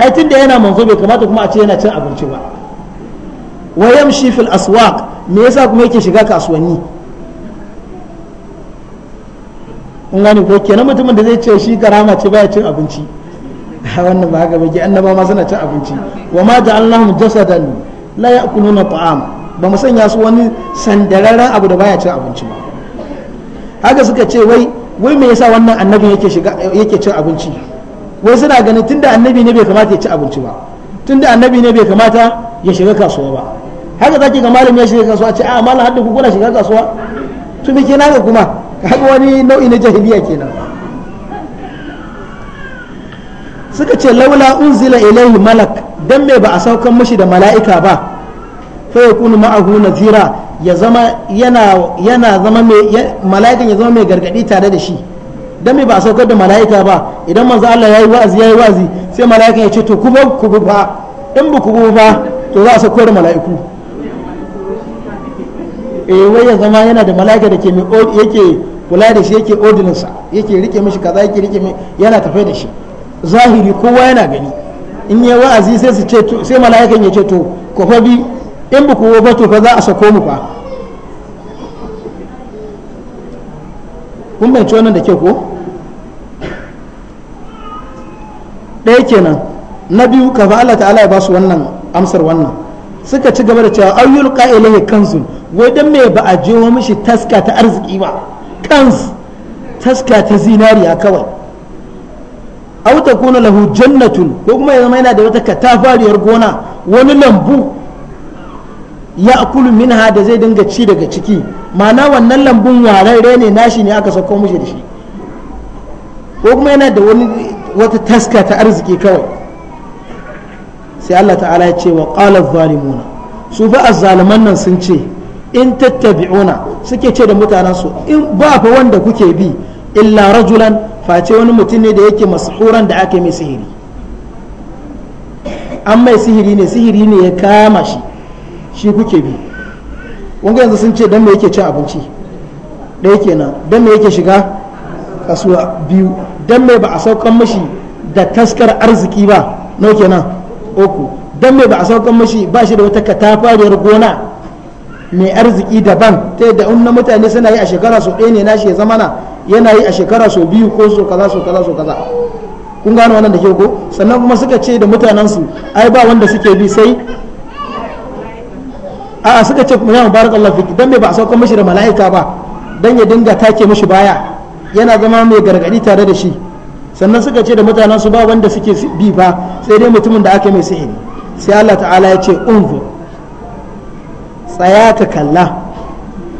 ai tun da yana manzo bai kamata kuma a ce yana cin abinci ba wa yamshi fil aswaq me yasa kuma yake shiga kasuwanni in gani ko kenan mutumin da zai ce shi karama ce baya cin abinci wannan ba haka ba ke annaba ma suna cin abinci wa ma ja'alnahum jasadan la nuna ta'am ba mu sanya su wani sandararren abu da baya cin abinci ba haka suka ce wai wai me yasa wannan annabi yake shiga yake cin abinci wai suna ganin tunda annabi ne bai kamata ya ci abinci ba tunda annabi ne bai kamata ya shiga kasuwa ba haka zaki ga malam ya shiga kasuwa ce a ah, malam hadda ku kuna shiga kasuwa to me kenan ga kuma haka wani nau'i na jahiliya kenan suka ce laula unzila ilayhi malak dan me ba a saukan mashi da mala'ika ba fa yakunu ma'ahu nazira ya zama yana yana zama mai mala'ikan ya zama mai gargadi tare da shi dan me ba a saukar da mala'ika ba idan manzo Allah yayi wa'azi yayi wa'azi sai mala'ikan ya ce to ku ba ku ba in ba ku ba to za a saukar da mala'iku eh wai ya zama yana da mala'ika da ke yake kula da shi yake ordinance yake rike mishi kaza yake rike yana tafai da shi zahiri kowa yana gani in yi wa'azi sai su ce sai mala'ikan ya ce to ku fa in ba ku ba to fa za a sako mu fa kun bai ci wannan da ke ko ɗaya kenan na biyu kafa Allah ta'ala ya ba su wannan amsar wannan suka ci gaba da cewa ayyul ya kansu wai dan me ba a je mishi taska ta arziki ba kans taska ta zinariya kawai aw takuna lahu jannatun ko kuma ya zama yana da wata katafariyar gona wani lambu ya akulu minha da zai dinga ci daga ciki ma'ana wannan lambun wararre ne nashi ne aka sauko mishi da shi ko kuma yana da wani wata taska ta arziki kawai sai Allah ta'ala ya ce wa qala zalimuna su fa azzaliman nan sun ce in tattabi'una suke ce da mutanen in ba fa wanda kuke bi illa rajulan face wani mutum ne da yake mashuran da aka yi mai sihiri an mai sihiri ne sihiri ne ya kama shi shi kuke bi wanga yanzu sun ce don me yake cin abinci ɗaya kenan don me yake shiga kasuwa biyu don me ba a saukan mashi da taskar arziki ba nau kenan uku don me ba a saukan mashi ba shi da wata katafariyar gona mai arziki daban ta yadda na mutane suna yi a shekara su ɗaya ne nashi ya zama na yana yi a shekara sau biyu ko so kaza so kaza so kaza kun gano wannan da ke ko sannan kuma suka ce da mutanensu ai ba wanda suke bi sai a suka ce kuma ya barakallahu fiki dan me ba a sauko mishi da mala'ika ba dan ya dinga take mishi baya yana zama mai gargadi tare da shi sannan suka ce da mutanen su ba wanda suke bi ba sai dai mutumin da aka mai sihiri sai Allah ta'ala ya ce unzu tsaya ta kalla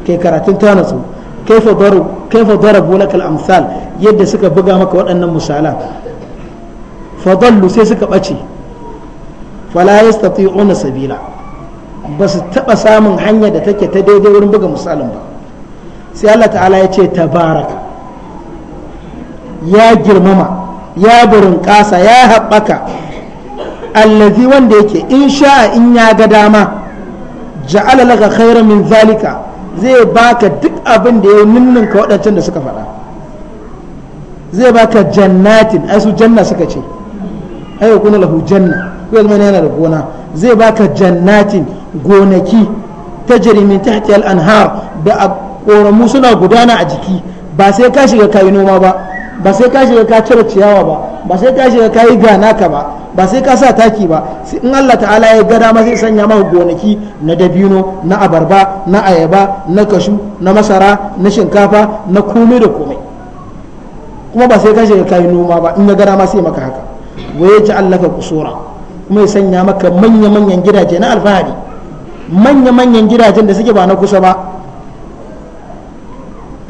kai karatun tana su kaifa daru kaifa darabu lakal amsal yadda suka buga maka waɗannan misala sai suka ɓace fala yastati'una sabila ba taɓa samun hanyar da take ta daidai wurin buga misalin ba sai Allah ta'ala ya ce tabaraka ya girmama ya burin ƙasa ya haɓaka allazi wanda yake in sha in ya ga dama ja'ala laka khairan min zalika zai baka duk abin da ya ka waɗancan da suka faɗa zai baka jannatin ai su janna suka ce ai ya kuna lahu janna ko yanzu yana da gona zai baka jannatin gonaki ta jirimin ta hatiyar anhar da a ƙoramu suna gudana a jiki ba sai ka shiga kayi noma ba ba sai ka shiga ka cire ciyawa ba ba sai ka shiga ka yi gana ka ba ba sai ka sa taki ba in Allah ta'ala ya gada ma sai sanya maka gonaki na dabino na abarba na ayaba na kashu na masara na shinkafa na komai da komai kuma ba sai ka shiga ka yi noma ba in ya gada ma sai maka haka wa ya ka kusura kuma ya sanya maka manya manyan gidaje na alfahari manya manyan gidajen da suke ba na kusa ba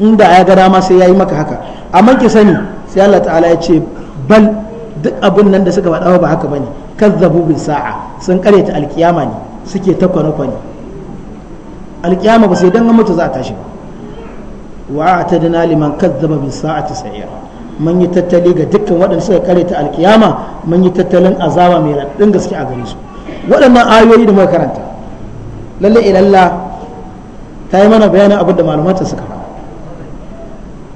inda ya gada ma sai ya yi maka haka amma ki sani sai Allah ta'ala ya ce bal duk abun nan da suka faɗa ba haka bane kazzabu bi sa'a sun karyata alkiyama ne suke ta kwano kwane alkiyama ba sai dan mutu za a tashi ba wa atadna liman kazzaba bi sa'ati sa'ira mun yi tattali ga dukkan waɗanda suka karyata alkiyama mun yi tattalin azaba mai raɗin gaske a gare su waɗannan ayoyi da muka karanta lalle ilalla ta yi mana bayanin abin da malamata suka faɗa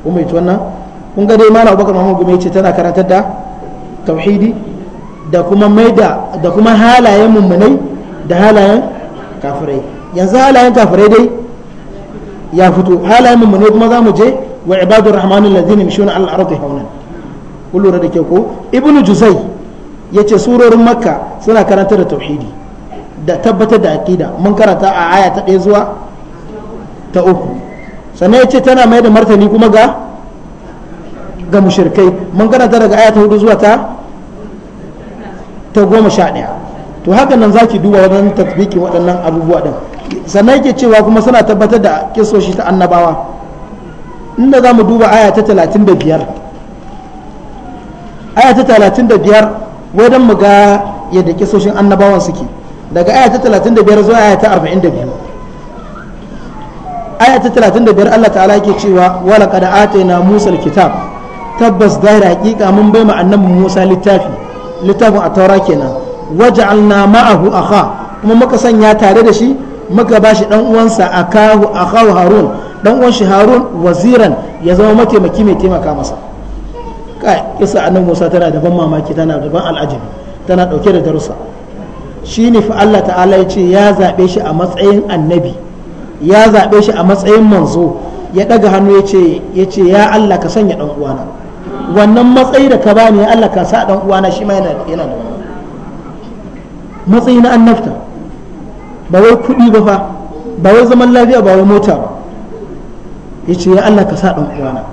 kuma ita wannan kun ga dai mana abubakar mahmud gumi ce tana karantar da tauhidi da kuma maida da kuma halayen mummunai da halayen kafirai yanzu halayen kafirai dai ya fito halayen mummunai kuma za mu je wa ibadur rahmanin lazini mishuna al'arati hauna kun lura da ke ko Ibn juzai ya ce surorin makka suna karantar da tauhidi da tabbatar da aƙida mun karanta a aya ta ɗaya zuwa ta uku sannan ya ce tana mai da martani kuma ga ga mushirkai mun karanta daga aya ta hudu zuwa ta goma sha ɗaya to haka nan za ki duba wajen tatbikin waɗannan abubuwa ɗin sannan yake cewa kuma suna tabbatar da kisoshi ta annabawa inda za mu duba aya ta talatin da biyar aya ta talatin da biyar wajen mu ga yadda kisoshin annabawan suke daga aya ta talatin da biyar zuwa aya ta arba'in da biyu aya ta talatin da biyar Allah ta'ala yake cewa wala kada atayna musar kitab tabbas gaira hakika mun bai ma annabi Musa littafi littafin taura kenan waj'alna ma'ahu akha kuma muka sanya tare da shi muka bashi dan uwansa akahu akahu harun dan uwan shi harun waziran ya zama mataimaki mai taimaka masa kai kisa annabi Musa tana da ban mamaki tana da ban al'ajabi tana dauke da darussa shine fa Allah ta'ala ya ce ya zabe shi a matsayin annabi ya zaɓe shi a matsayin manzo ya ɗaga hannu ya ce ya Allah ka sanya dan uwana wannan matsayi da ka bani Allah ka sa dan uwana shi ma yana yana da matsayi na annabta ba wai kuɗi ba fa ba wai zaman lafiya ba wai mota ba yace ya Allah ka sa dan uwana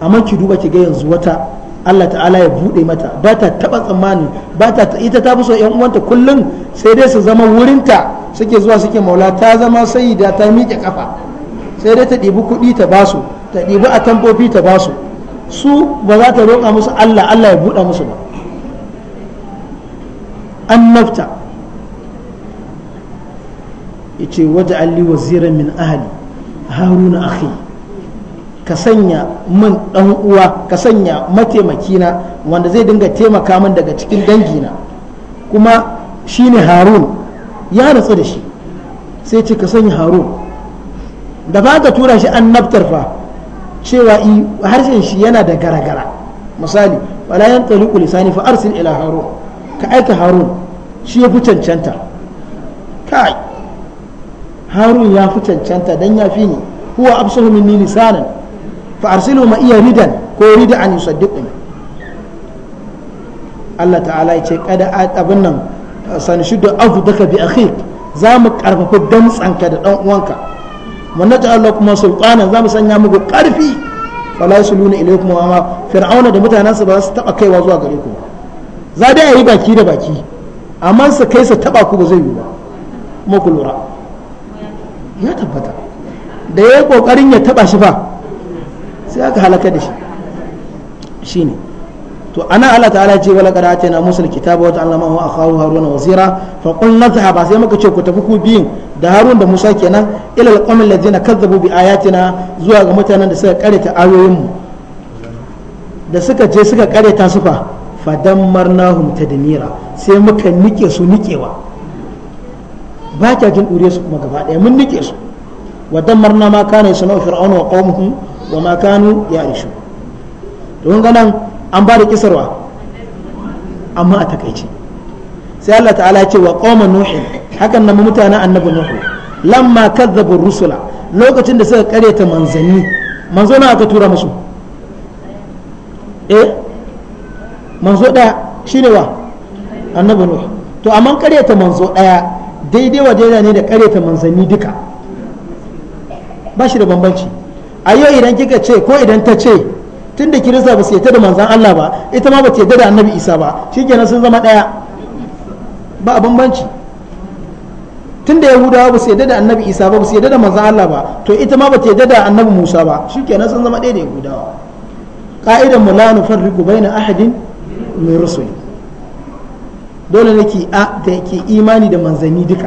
amma ki duba ki ga yanzu wata Allah ta'ala ya buɗe mata ba ta taɓa tsammani ba ta ita ta fi so yan uwanta kullum sai dai su zama wurinta suke zuwa suke maula ta zama sai da ta miƙe kafa sai dai ta ɗibi kuɗi ta basu ta ɗibi atamfofi ta basu su ba za ta roƙa musu Allah Allah ya buɗa musu ba an nafta ce waje alli waziran min ahali haruna akhi ka sanya min ɗan uwa ka sanya mataimakina wanda zai dinga taimaka min daga cikin dangina kuma shine harun ya ratsu da shi sai ce ka sanya harun da ba ka tura shi an naftar fa cewa harshen shi yana da garagara misali wala yan taliqu lisani fa arsil ila harun ka aika harun shi ya fi cancanta kai harun ya fi cancanta dan ya fi ni huwa absahu minni lisanan fa arsilu ma iya ridan ko rida an yusaddiquni Allah ta'ala ya ce kada abin nan sani da afu daga bi akhik za mu karfafa damtsanka da dan uwanka wanda ta Allah kuma sultanan za mu sanya muku ƙarfi wala yasuluna ilaykum kuma ma fir'auna da mutanansa ba za su taba kaiwa zuwa gare ku za dai ayi baki da baki amma su kai su taba ku ba zai yi ba kuma ku lura ya tabbata da yi kokarin ya taba shi fa sai aka halaka da shi shine to ana Allah ta'ala ce wala qad na musul alkitaba wa a akhahu haruna wazira fa qulna dhahaba sai muka ce ku tafi ku biyin da harun da musa kenan ila alqawmi alladhina kazzabu bi ayatina zuwa ga mutanen da suka kareta ayoyin mu da suka je suka kareta su fa fadammarnahum tadmira sai muka nike su nikewa ba ta jin dure su kuma gaba daya mun nike su wa dammarna ma kana yasna'u fir'auna wa qaumuhu wa ma kanu ya'ishu to kun an ba da kisarwa amma a takaice sai Allah ta'ala ce wa qauma nuhin hakan nan mutanen annabi nuhu lamma kadzabu rusula lokacin da suka kareta manzanni manzo na aka tura musu eh manzo daya shine wa annabi nuhu to amma kareta manzo daya daidai wa daidai ne da kareta manzanni duka ba shi da bambanci ayo idan kika ce ko idan ta ce tun da kirista ba su yadda da manzan Allah ba ita ma ba ta yadda da annabi isa ba shi kenan sun zama ɗaya ba a bambanci tun da yahudawa ba su yadda da annabi isa ba ba su yadda da manzan Allah ba to ita ma ba ta yadda da annabi musa ba shi kenan sun zama ɗaya da yahudawa ka'idan mu la nufarriqu baina ahadin min rusuli dole ne ki a da ke imani da manzanni duka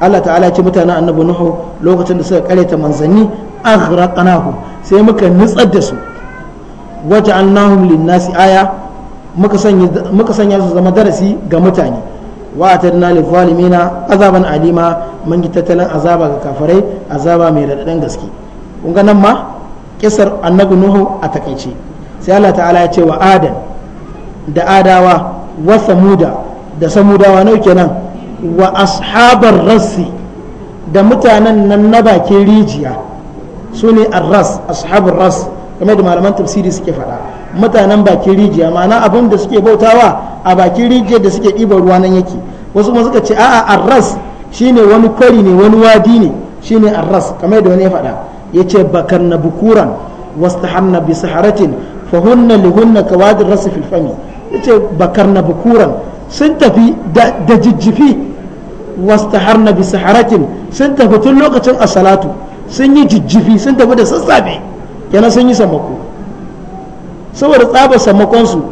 Allah ta'ala ce mutanen annabi nuhu lokacin da suka karyata manzanni aghraqnahum sai muka nutsar da su Wata lin Linnasi aya muka sanya su zama darasi ga mutane wa atarna lil-zalimina azaban alima mun tattalin azaba ga kafarai azaba mai raɗaɗen gaske kun ganin nan ma kisar annabi nuhu a takaice sai Allah ta'ala ya ce wa adan da adawa wa samuda da samudawa nau kenan wa ashabar rassi da mutanen nan na bakin rijiya su ne ras ashabar rassi game da malaman tafsiri suke faɗa mutanen bakin rijiya ma'ana abin da suke bautawa a bakin rijiyar da suke ɗiba ruwa nan yake wasu kuma suka ce a'a arras shine wani kwari ne wani wadi ne shine arras kamar da wani ya faɗa ya ce bakar na bukuran wastahanna bi saharatin fa hunna li hunna kawadir ras fil fami yace bakar na bukuran sun tafi da jijjifi wastaharna bi saharatin sun tafi tun lokacin asalatu sun yi jijjifi sun tafi da sassafe kenan sun yi sammako saboda tsaba samakonsu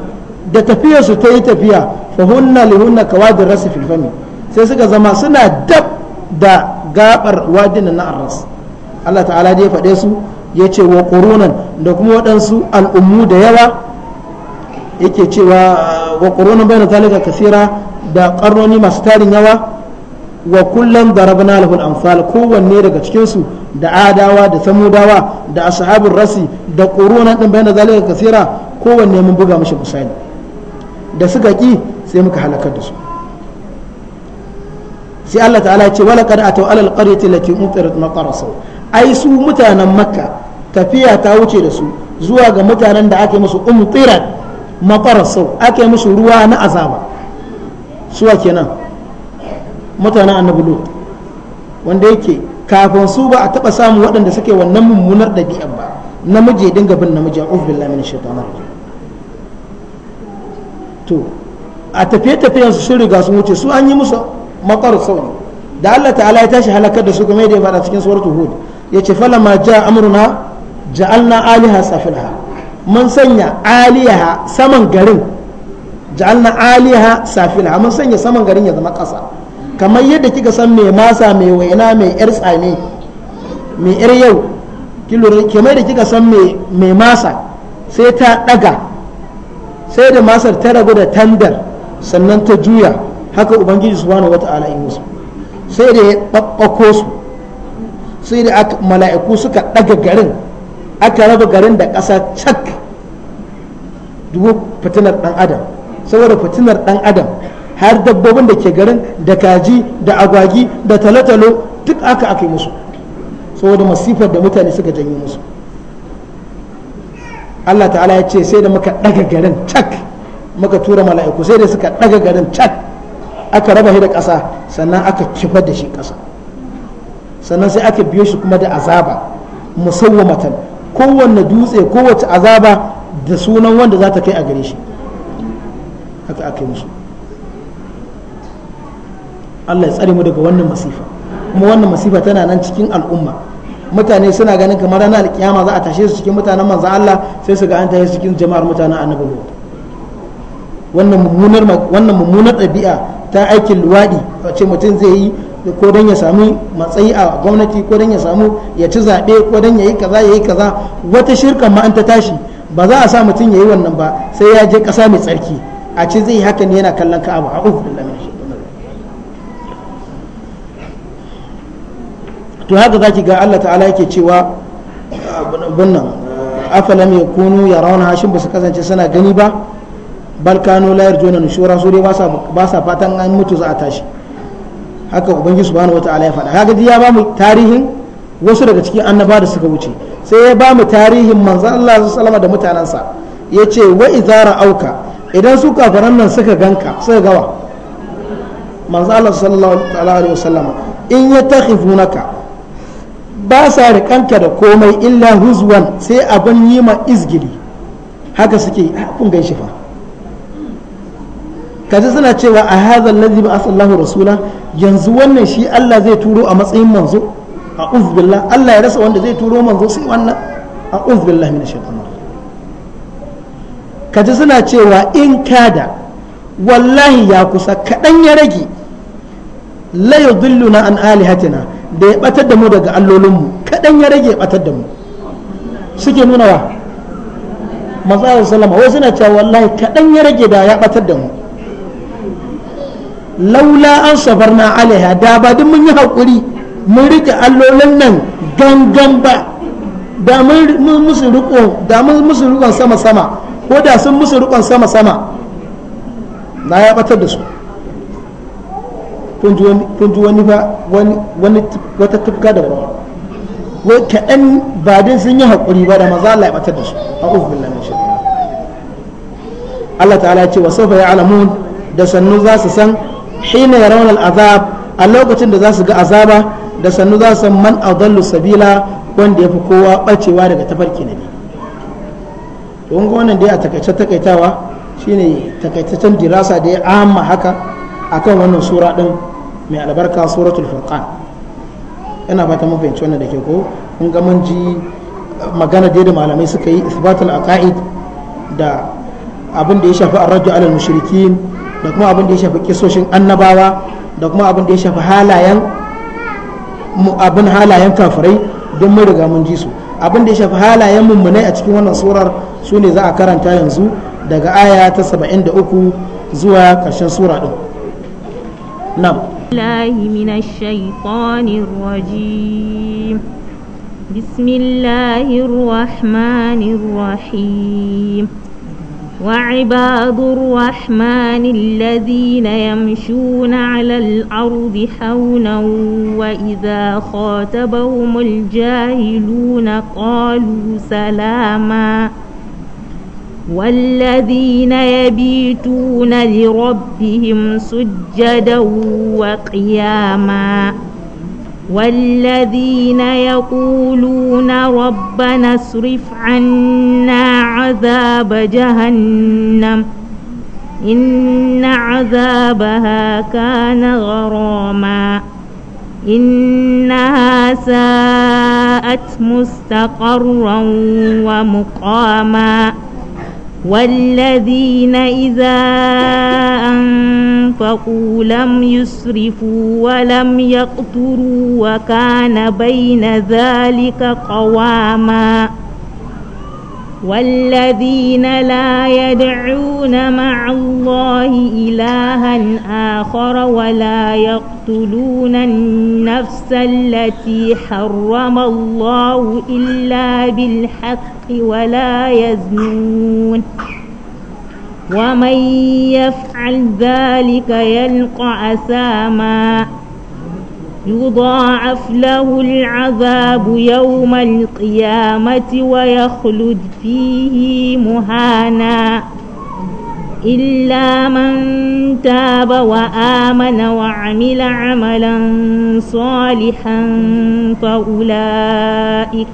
da tafiyarsu ta yi tafiya fa hunna li hunna kawadir rasu filfami sai suka zama suna dab da gabar wadin na arras Allah ta'ala da ya faɗe su ya ce wa ƙorunan da kuma waɗansu al'ummu da yawa yake cewa wa ƙurunan bayan talika kasira da ƙarnoni masu tarin yawa wa kullum darabna lahul amsal kowanne daga cikinsu da adawa da samudawa da ashabul rasi da quruna din bayan zalika kasira kowanne mun buga mishi misali da suka ki sai muka halakar da su sai Allah ta'ala ya ce wala qad atau alal qaryati allati umtirat maqarasu ai su mutanen makka tafiya ta wuce da su zuwa ga mutanen da ake musu umtirat maqarasu ake musu ruwa na azaba suwa kenan mutanen annabi lut wanda yake kafin su ba a taba samun waɗanda suke wannan mummunar ɗabi'ar ba namiji ya dinga bin namiji a billahi lamini shaitanir rajim to a tafiye-tafiyen su sun riga sun wuce su an yi musu makar sau ne da Allah ta'ala ya tashi halakar da su game da ya fada cikin suwar tuhud ya ce fala ma ja amruna ja'alna aliha safilaha mun sanya aliha saman garin ja'alna aliha safilaha mun sanya saman garin ya zama ƙasa kamar yadda kika san mai masa mai waina mai yar tsane mai yar yau kamar da kika san mai masa sai ta daga sai da masar ta rabu da tandar sannan ta juya haka ubangiji subhanahu wata'ala yi musu sai da ya babbako su sai da mala'iku suka daga garin aka raba garin da ƙasa cak dubu fitinar dan adam saboda fitinar ɗan adam har dabbobin da ke garin da kaji da agwagi da talotalo duk aka aka yi musu saboda masifar da mutane suka janyo musu Allah ta'ala ya ce sai da muka daga garin cak muka tura mala'iku sai da suka daga garin cak aka raba shi da ƙasa sannan aka kifar da shi ƙasa sannan sai aka biyo shi kuma da azaba musawwamatan kowanne dutse kowace azaba da sunan wanda za ta kai a gare shi haka aka yi musu Allah ya tsare mu daga wannan masifa kuma wannan masifa tana nan cikin al'umma mutane suna ganin kamar ranar alkiyama za a tashe su cikin mutanen manzon Allah sai su ga an tashe su cikin jama'ar mutanen annabi wannan mummunar wannan mummunar ɗabi'a ta aikin luwadi ce mutum zai yi ko don ya sami matsayi a gwamnati ko don ya samu ya ci zaɓe ko don ya yi kaza ya yi kaza wata shirkan ma an ta tashi ba za a sa mutum ya yi wannan ba sai ya je ƙasa mai tsarki a ce zai yi hakan yana kallon ka'aba a uku billahi to haka zaki ga Allah ta'ala yake cewa bunnan afalam yakunu yarawna hashin ba su kasance suna gani ba balkano layar la yarjuna nushura su dai ba sa fatan an mutu za a tashi haka ubangiji subhanahu wataala ya faɗa haka ya ba mu tarihin wasu daga cikin annaba da suka wuce sai ya ba mu tarihin manzon Allah sallama da mutanansa yace wa izara auka idan su kafaran nan suka ganka suka gawa manzon Allah sallallahu alaihi wasallam in yatakhifunaka ba sa rikanka da komai illa huzwan sai abin yi ma izgili haka suke ah, kun gan shi fa kaji suna cewa a hazan lazi ba asallahu rasula yanzu wannan shi Allah zai turo a matsayin manzo a uzbillah Allah ya rasa wanda zai turo manzo sai wannan a uzbillah min shaitan kaji suna cewa in kada wallahi ya kusa kaɗan ya rage la yudilluna an alihatina da ya batar da mu daga allolinmu kaɗan ya rage batar da mu suke nuna wa matsayar salama wai suna cewa wallahi kaɗan ya rage da ya batar da mu laula an na alaiha da ba duk mun yi haƙuri mun rike allolin nan gangan ba da mun musu rikon da mun musu riƙon sama sama ko da sun musu rikon sama sama na ya batar da su kun ji wani ba wani wata tufka da wani wai kaɗan ba din sun yi haƙuri ba da maza Allah ya batar da su a ofin lamin shi Allah ta'ala ya ce wa sofa ya alamun da sannu za su san hina ya raunar azab a lokacin da za su ga azaba da sannu za su san man adallu sabila wanda ya fi kowa ɓacewa daga tafarki na biyu to ga wannan dai a takaice takaitawa shine takaitaccen dirasa da ya amma haka akan wannan sura din mai albarka suratul furqan ina ba mun fahimci wannan da ke ko in ga mun ji magana da malamai suka yi isbatul aqaid da abin da ya shafi arraju alal mushrikin da kuma abin da ya shafi kisoshin annabawa da kuma abin da ya shafi halayen abin halayen kafirai don mun riga mun ji su abin da ya shafi halayen mummunai a cikin wannan surar su ne za a karanta yanzu daga aya ta 73 zuwa ƙarshen sura din nan الله من الشيطان الرجيم بسم الله الرحمن الرحيم وعباد الرحمن الذين يمشون على الأرض حونا وإذا خاتبهم الجاهلون قالوا سلاماً والذين يبيتون لربهم سجدا وقياما والذين يقولون ربنا اصرف عنا عذاب جهنم إن عذابها كان غراما إنها ساءت مستقرا ومقاما والذين إذا أنفقوا لم يسرفوا ولم يقتروا وكان بين ذلك قواماً والذين لا يدعون مع الله إلها آخر ولا يقتلون النفس التي حرم الله إلا بالحق ولا يزنون ومن يفعل ذلك يلقى أساماً يضاعف له العذاب يوم القيامة ويخلد فيه مهانا إلا من تاب وآمن وعمل عملا صالحا فأولئك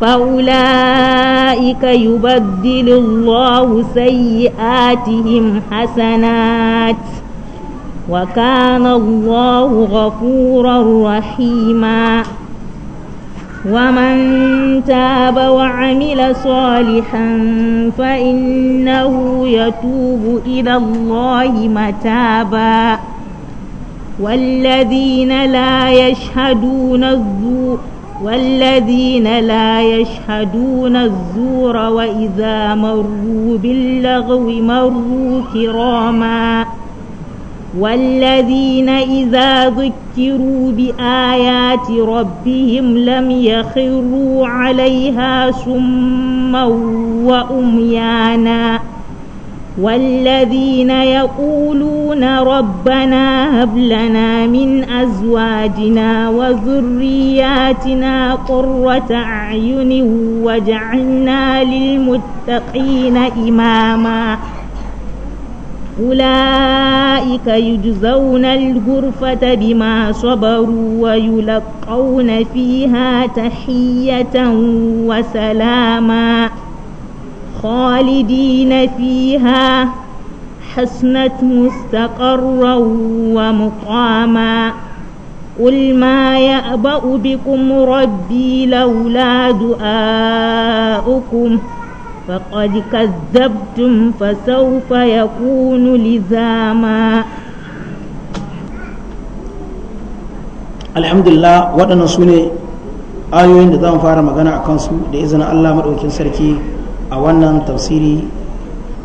فأولئك يبدل الله سيئاتهم حسنات وكان الله غفورا رحيما ومن تاب وعمل صالحا فإنه يتوب إلى الله متابا والذين لا يشهدون الزور والذين لا يشهدون الزور وإذا مروا باللغو مروا كراما والذين إذا ذكروا بآيات ربهم لم يخروا عليها سما وأميانا والذين يقولون ربنا هب لنا من أزواجنا وذرياتنا قرة أعين واجعلنا للمتقين إماماً أولئك يجزون الغرفة بما صبروا ويلقون فيها تحية وسلاما خالدين فيها حسنة مستقرا ومقاما قل ما يأبأ بكم ربي لولا دعاؤكم ۖ فقد كذبتم فسوف يكون لزاما الحمد waɗannan ودنا ne ayoyin da za mu fara magana a kansu da izinin allah maɗaukin sarki a wannan tafsiri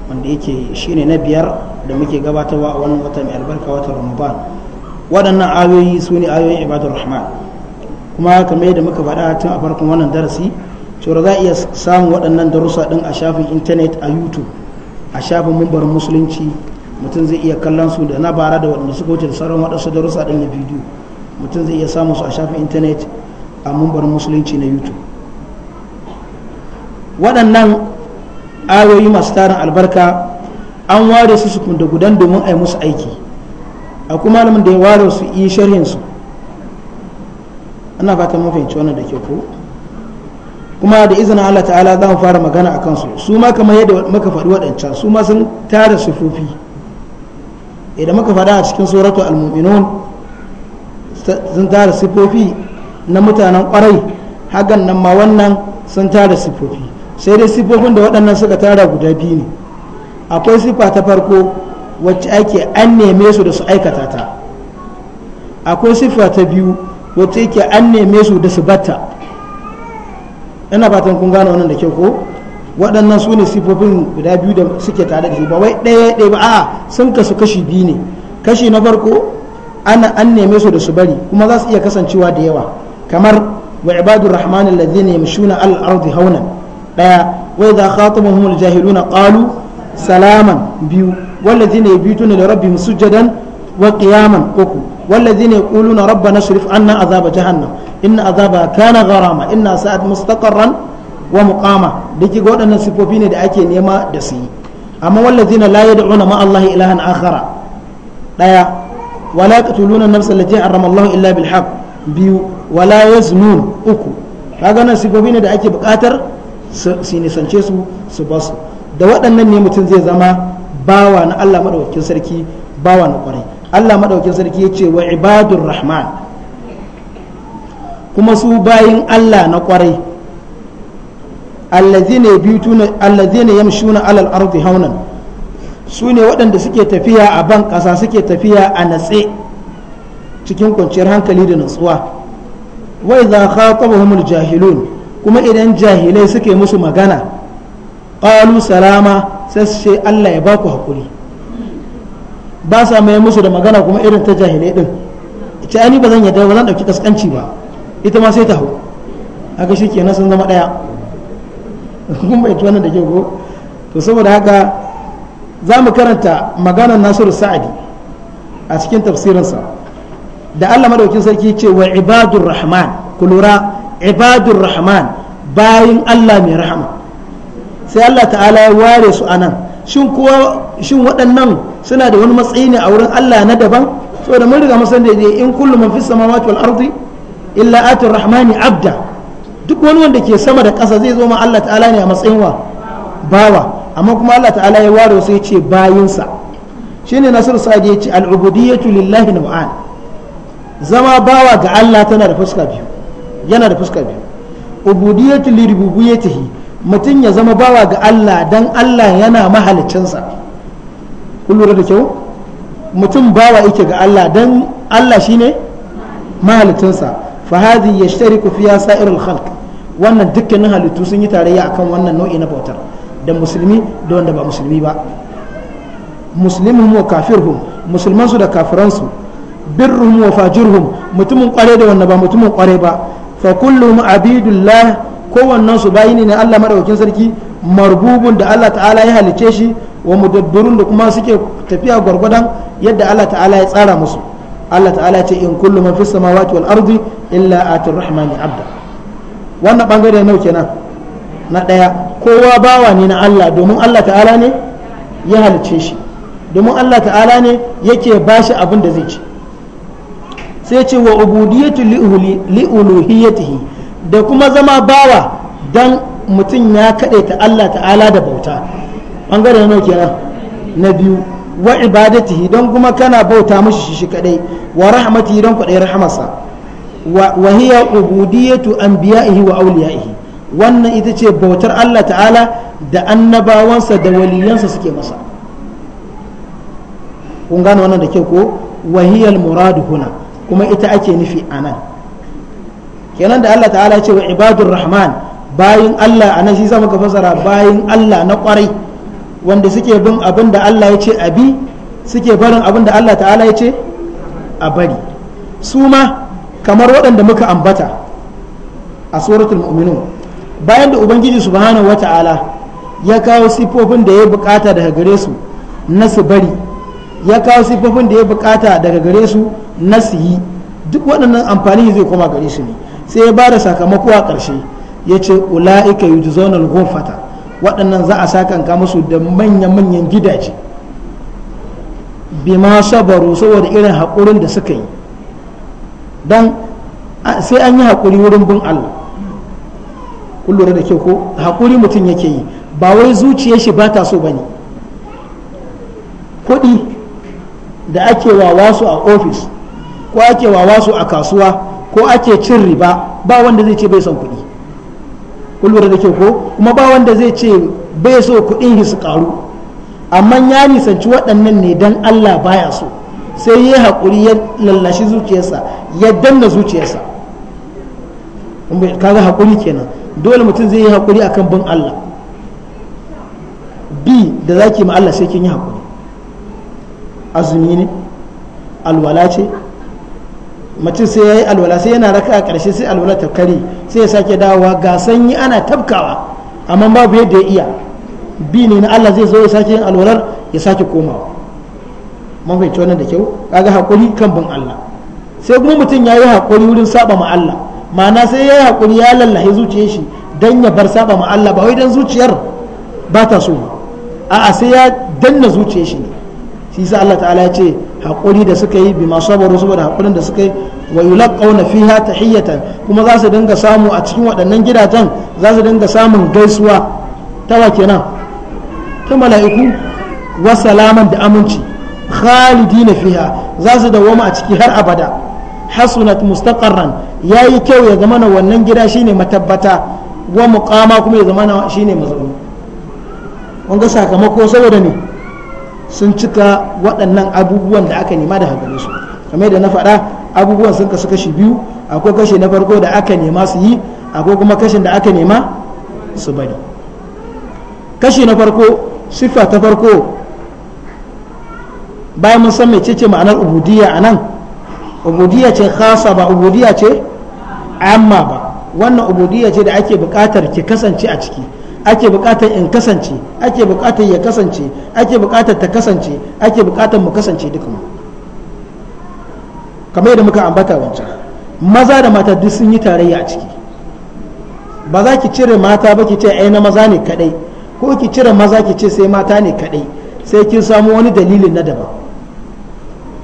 wanda yake shine na biyar da muke gabatarwa a wannan wata mai albarka wata ramadan waɗannan ayoyi su ne ayoyin ibadar rahman kuma kamar yadda muka faɗa tun a farkon wannan darasi da za a iya samun waɗannan darussa ɗin a shafin intanet a youtube a shafin mumbarin musulunci mutum zai iya kallon su da na bara da waɗanda suka wuce da sauran waɗansu darussa ɗin na bidiyo mutum zai iya samun su a shafin intanet a mumbarin musulunci na youtube waɗannan ayoyi masu tarin albarka an ware su su kunda gudan domin a yi musu aiki a kuma malamin da ya ware su yi sharhin su ana fatan mafi wannan da ke ko kuma da izinin Allah ta'ala za mu fara magana a kansu su ma kamar yadda muka faɗi waɗancan su ma sun tara sufufi idan muka faɗa a cikin suratul al-mu'minun sun tara sufufi na mutanen ƙwarai hakan nan ma wannan sun tara sufufi sai dai sifofin da waɗannan suka tara guda biyu ne akwai sifa ta farko wacce ake an neme su da su aikata ta akwai sifa ta biyu wacce ke an neme su da su batta ina fatan kun gane wannan da kyau ko waɗannan su ne sifofin guda biyu da suke tare da shi ba wai ɗaya ɗaya ba a sun kasu kashi biyu ne kashi na farko ana an neme su da su bari kuma za su iya kasancewa da yawa kamar wa rahmanin rahman alladhina yamshuna al ardi haunan ɗaya wai idha khatabahum al jahiluna qalu salaman biyu walladhina yabituna li rabbihim sujadan wa qiyaman uku walladhina na rabbana asrif anna azaba jahannam inna azaba kana gharama inna sa'at mustaqarran wa muqama dake ga waɗannan sifofi ne da ake nema da su yi amma wallazina la yad'una ma Allah ilahan akhara daya wala yaqtuluna nafsa allati harrama Allah illa bil haqq biyu wala yaznun uku kaga nan sifofi ne da ake buƙatar su nisance su su basu da waɗannan ne mutum zai zama bawa na Allah madaukakin sarki bawa na kwarai Allah madaukakin sarki yace wa ibadur rahman kuma su bayin Allah na kwarai allazina yabituna allazina yamshuna alal ardi haunan su ne waɗanda suke tafiya a ban ƙasa suke tafiya a natse cikin kwanciyar hankali da natsuwa wai za khatabahumul jahilun kuma idan jahilai suke musu magana ƙalu salama sai su ce Allah ya baku hakuri ba sa mai musu da magana kuma irin ta jahilai din ce ani ba zan yadda ba zan ɗauki kaskanci ba ita ma sai ta hau haka shi kenan sun zama ɗaya kuma bai tuwa da ke go to saboda haka za mu karanta maganar nasiru sa'adi a cikin tafsirinsa da allah madaukin sarki ce wa ibadur rahman ku lura ibadur rahman bayin allah mai rahama sai allah ta'ala ya ware su anan shin kuwa shin waɗannan suna da wani matsayi ne a wurin allah na daban saboda mun riga musan san da in kullum mafi samawa samawati wal ardi illa atur rahmani abda duk wani wanda ke sama da ƙasa zai zo ma Allah ta'ala ne a matsayin wa bawa amma kuma Allah ta'ala ya ware sai ya ce bayinsa shine nasir sa'ad ya ce al'ubudiyatu lillahi naw'an zama bawa ga Allah tana da fuska biyu yana da fuska biyu ubudiyatu lirububiyatihi mutum ya zama bawa ga Allah dan Allah yana mahalicinsa kun lura da kyau mutum bawa yake ga Allah dan Allah shine mahalicinsa fa hadhi yashtariku fiya sa'irin halk wannan dukkanin halittu sun yi tarayya kan wannan nau'i na bautar da musulmi da wanda ba musulmi ba muslimuhum wa kafirhum musulmansu da kafiransu birruhum wa fajirhum mutumin kware da wanda ba mutumin kware ba fa kullum abidullah kowannen su bayi ne Allah madaukakin sarki marbubun da Allah ta'ala ya halice shi wa mudabbirun da kuma suke tafiya gwargwadon yadda Allah ta'ala ya tsara musu Allah ta'ala ce in kullu man fis samawati wal ardi illa atir rahmani abda wannan bangare nau kenan na daya kowa bawa ne na Allah domin Allah ta'ala ne ya halice shi domin Allah ta'ala ne yake bashi abin da zai ci sai ce wa ubudiyatu li uluhiyatihi da kuma zama bawa dan mutum ya ta Allah ta'ala da bauta bangare nau kenan na biyu wa ibadatihi don kuma kana bauta mashi shi kadai wa rahmatihi don kwadai rahamarsa wa hiya ubudiyatu anbiya'ihi wa awliya'ihi wannan ita ce bautar Allah ta'ala da annabawansa da waliyansa suke masa kun gane wannan da ke ko wahiyal muradu huna kuma ita ake nufi anan kenan da Allah ta'ala ce wa ibadur rahman bayin Allah anan shi zama ka fasara bayin Allah na kwarai wanda suke bin abin da Allah ya ce a bi suke barin abin da Allah ta'ala ya ce a bari su ma kamar waɗanda muka ambata a suratul mu'minun bayan da ubangiji subhanahu ta'ala ya kawo sifofin da ya bukata daga gare su na su bari ya kawo sifofin da ya bukata daga gare su na su yi duk waɗannan amfani zai koma gare su ne sai ya ba da sakamako a ƙarshe ya ce ula'ika yujzonal ghurfata waɗannan za a sakanka musu da manya-manyan gidaje bima sabaru saboda irin haƙurin da suka yi don sai an yi haƙuri wurin bin Allah kun lura da kyau ko haƙuri mutum yake yi ba wai zuciyar shi ba ta so ba ne kuɗi da ake wawa su a ofis ko ake wawa su a kasuwa ko ake cin riba ba wanda zai ce bai son kuɗi kun da ke ko kuma ba wanda zai ce bai so kuɗin su karu amma ya nisanci waɗannan ne dan Allah baya so sai ya haƙuri ya lallashi zuciyarsa ya danna zuciyarsa kaga haƙuri kenan dole mutum zai yi haƙuri akan bin Allah bi da zaki ma Allah sai kin yi haƙuri azumi ne alwala ce mace sai ya yi alwala sai yana raka a ƙarshe sai alwala ta kare sai ya sake dawowa ga sanyi ana tafkawa amma babu yadda ya iya bi ne na Allah zai zo ya sake yin alwalar ya sake komawa mun wannan da kyau kaga hakuri kan bin Allah sai kuma mutum ya yi hakuri wurin saba ma Allah ma'ana sai ya yi hakuri ya lallahi zuciyar shi dan ya bar saba ma Allah ba wai dan zuciyar ba ta so a'a sai ya danna zuciyar shi ne shi sa Allah ta'ala ya ce haƙuri da suka yi bima sabaru saboda haƙurin da suka yi wa yulaqawna fiha tahiyatan kuma za su dinga samu a cikin waɗannan gidajen za su dinga samun gaisuwa ta wa kenan ta mala'iku wa salaman da aminci khalidina fiha za su dawoma a ciki har abada hasunat mustaqarran yayi kyau ya zama wannan gida shine matabbata wa muqama kuma ya zama shine mazauni wanga sakamako saboda ne sun cika waɗannan abubuwan da aka nema da gare su kamar da na faɗa abubuwan sun kasu kashi biyu akwai kashi na farko da aka nema su yi akwai kuma kashin da aka nema su bari kashi na farko siffa ta farko bayan mun san ce ma'anar ubudiyya a nan ubudiyya ce khasa ba ubudiyya ce amma ba wannan ubudiyya ce da ake bukatar ki kasance a ciki ake buƙatar in kasance ake buƙatar ya kasance ake buƙatar ta kasance ake buƙatar mu kasance duka mu kamar yadda muka ambata wancan maza da mata duk sun yi tarayya a ciki ba za ki cire mata ba ki ce ai na maza ne kadai ko ki cire maza ki ce sai mata ne kadai sai kin samu wani dalilin na daban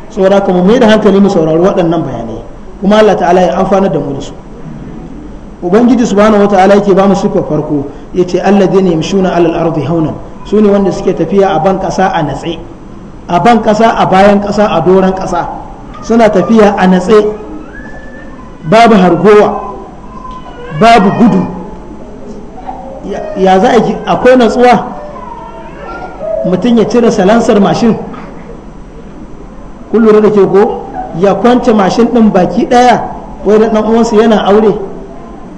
Tsora kuma mai da hankali mu saurari waɗannan bayanai kuma Allah ta'ala ya amfana da mu da su ubangiji subhanahu wataala yake ba mu siffar farko yace alladheena yamshuna alal ardi hauna su ne wanda suke tafiya a ban kasa a natse a ban kasa a bayan kasa a doran kasa suna tafiya a natse babu hargowa babu gudu ya za a akwai natsuwa mutum ya cire salansar mashin kullum da ke ko ya kwance mashin ɗin baki ɗaya wai da ɗan uwansa yana aure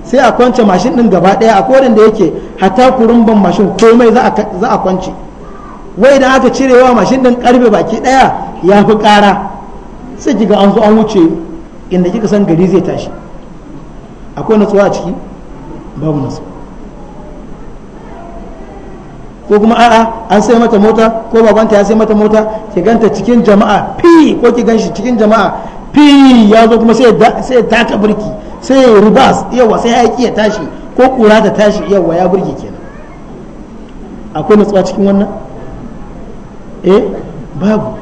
sai a kwance mashin din gaba daya a koren da yake hatta kurumban mashin komai za a kwance wai idan aka cirewa mashin din karfe baki daya ya fi kara sai kiga an zo an wuce inda kika san gari zai tashi akwai natsuwa a ciki babu natsuwa ko kuma a'a an sai mata mota ko babanta ya sai mata mota ki ganta cikin jama'a fi ko ki ganshi cikin jama'a fi ya zo kuma sai ya taka birki sai ya ribas yawa sai hayaki ya tashi ko kura ta tashi yawa ya burge kenan akwai natsuwa cikin wannan eh babu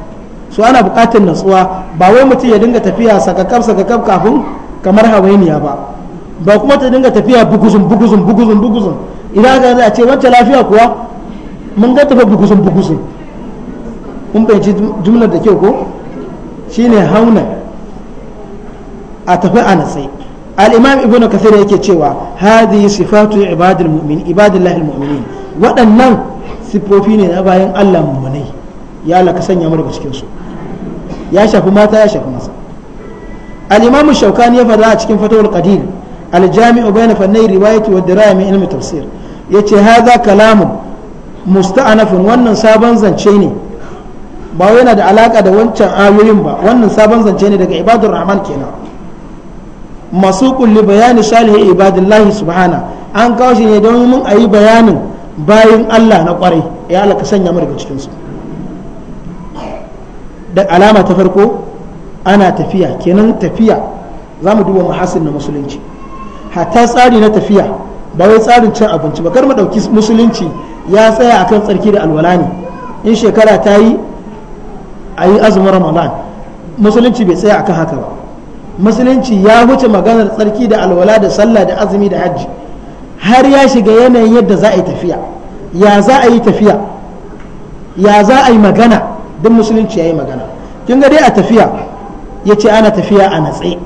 su ana bukatar natsuwa ba wai mutum ya dinga tafiya sakakaf sakakaf kafin kamar hawainiya ba ba kuma ta dinga tafiya buguzun buguzun buguzun buguzun idan aka za a ce wacce lafiya kuwa mun ga tafi buguzun buguzun kun bayyanci jumlar da kyau ko shine hauna a tafi a natsai al-imam ibn kathir yake cewa hadhihi sifatu ibadil mu'min ibadillahi mu'minin waɗannan sifofi ne na bayan Allah mu'minai ya laka sanya mu daga cikin su ya shafi mata ya shafi masa al-imam shaukani ya faɗa a cikin fatawul qadir al-jami'u bayna fannai riwayati wa diraya min ilmi tafsir yace hadha kalamun musta'anafun wannan sabon zance ne ba yana da alaka da wancan ayoyin ba wannan sabon zance ne daga ibadur rahman kenan masu kulli bayani salihin ibadillahi subhana an kawo shi ne don mun ayi bayanin bayan Allah na kwarai ya Allah ka sanya mu daga cikin su da alama ta farko ana tafiya kenan tafiya za mu duba mahasin na musulunci hatta tsari na tafiya ba wai tsarin cin abinci ba kar mu ɗauki musulunci ya tsaya akan tsarki da alwala ne in shekara ta yi a yi azumin ramadan musulunci bai tsaya akan haka ba musulunci ya wuce maganar tsarki da alwala da sallah da azumi da hajji har ya shiga yanayin yadda za a yi tafiya ya za a yi tafiya ya za a yi magana duk musulunci ya yi magana kin ga dai a tafiya ya ce ana tafiya a natse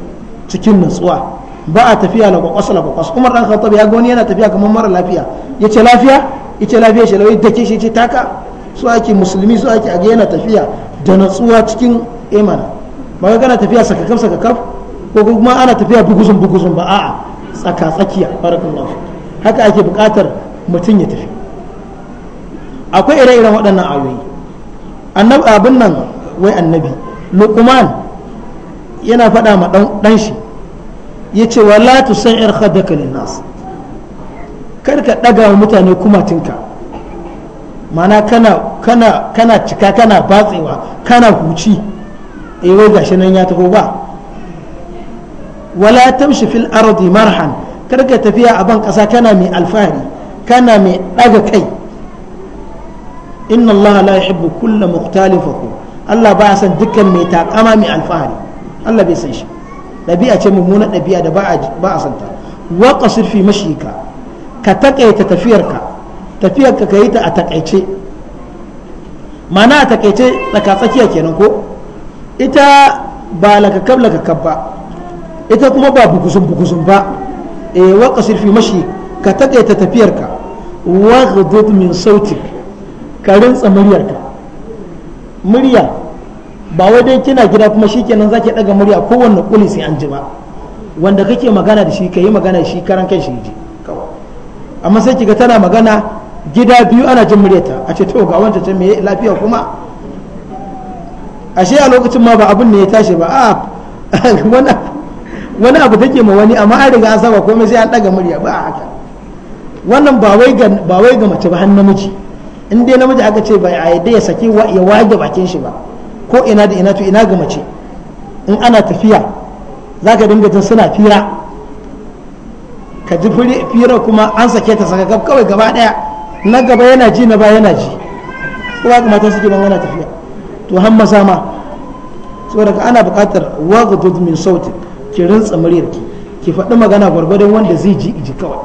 cikin nutsuwa ba a tafiya la kwakwas la kwakwas umar dan khattab ya ga wani yana tafiya kamar mara lafiya ya ce lafiya ya ce lafiya shi lawai dake shi ce taka su ake musulmi su ake a ga yana tafiya da natsuwa cikin imana ba kana tafiya sakakaf sakakaf ko kuma ana tafiya bugusun bugusun ba a'a tsaka tsakiya lafi haka ake bukatar mutum ya tafi akwai ire-iren waɗannan ayoyi annabi abin nan wai annabi lukuman yana faɗa ma ɗan shi ya ce wa la yar khadaka nasu. kar ka ɗaga wa mutane kumatinka mana kana cika kana batsewa kana huci eh wai gashi nan ya taho ba wala tamshi fil ardi marhan karka tafiya a ban kasa kana mai alfahari kana mai daga kai inna Allah la yuhibbu kulla muqtalin fakhur Allah ba san shi ɗabi'a ce mummuna ɗabi'a da ba a santa wa qasir fi mashika ka takaita tafiyarka tafiyarka ka ta a kenan ko ita ba laka kabla ka ita kuma ba bukusun bukusun ba e eh, waka sirfi mashi ka takaita tafiyarka wa min sauti ka rinsa muryarka murya ba wai dai kina gida kuma za zaki ɗaga murya kowanne ƙuli sai an ji ba wanda kake magana da shi ka yi magana shi karan kai shi ji amma sai kiga tana magana gida biyu ana jin muryarta a ce to ga wanda ta me lafiya kuma ashe a lokacin ma ba abin ne ya tashi ba a ah, wannan wani abu take ma wani amma an riga an saba komai sai an daga murya ba a haka wannan ba wai ga ba wai ga mace ba har namiji in dai namiji aka ce ba a yadda ya saki ya wage bakin shi ba ko ina da ina to ina ga mace in ana tafiya zaka dinga jin suna fira ka ji fira kuma an sake ta saka gab kawai gaba daya na gaba yana ji na ba yana ji ko ba mata suke ban ana tafiya to hamma sama saboda ana buƙatar waghdud min sautik ki rantsa muryarki ki faɗi magana gwargwadon wanda zai ji ji kawai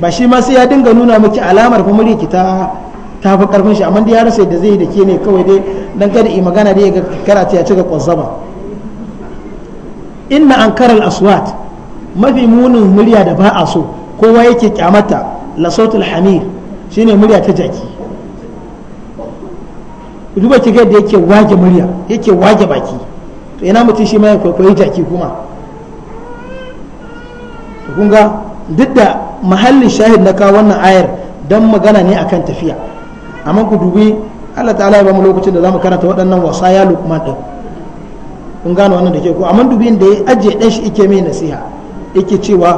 ba shi ma sai ya dinga nuna miki alamar fa muryar ta ta fi karfin shi amma dai ya rasa yadda zai da ke ne kawai dai dan kada i magana dai ga karata ya cika kwazzaba inna al aswat mafi munin murya da ba a so kowa yake kyamata la sautul hamir shine murya ta jaki duba ki ga yadda yake wage murya yake wage baki to ina mutum shi ma ya kwaikwayi jaki kuma kunga duk da mahallin shahid na kawo wannan ayar don magana ne akan tafiya amma ku dubi Allah ta'ala ya bamu lokacin da zamu karanta waɗannan ya lukman ɗin. kun gano wannan da ke ku amma dubi da ya ajiye dan shi ike mai nasiha ike cewa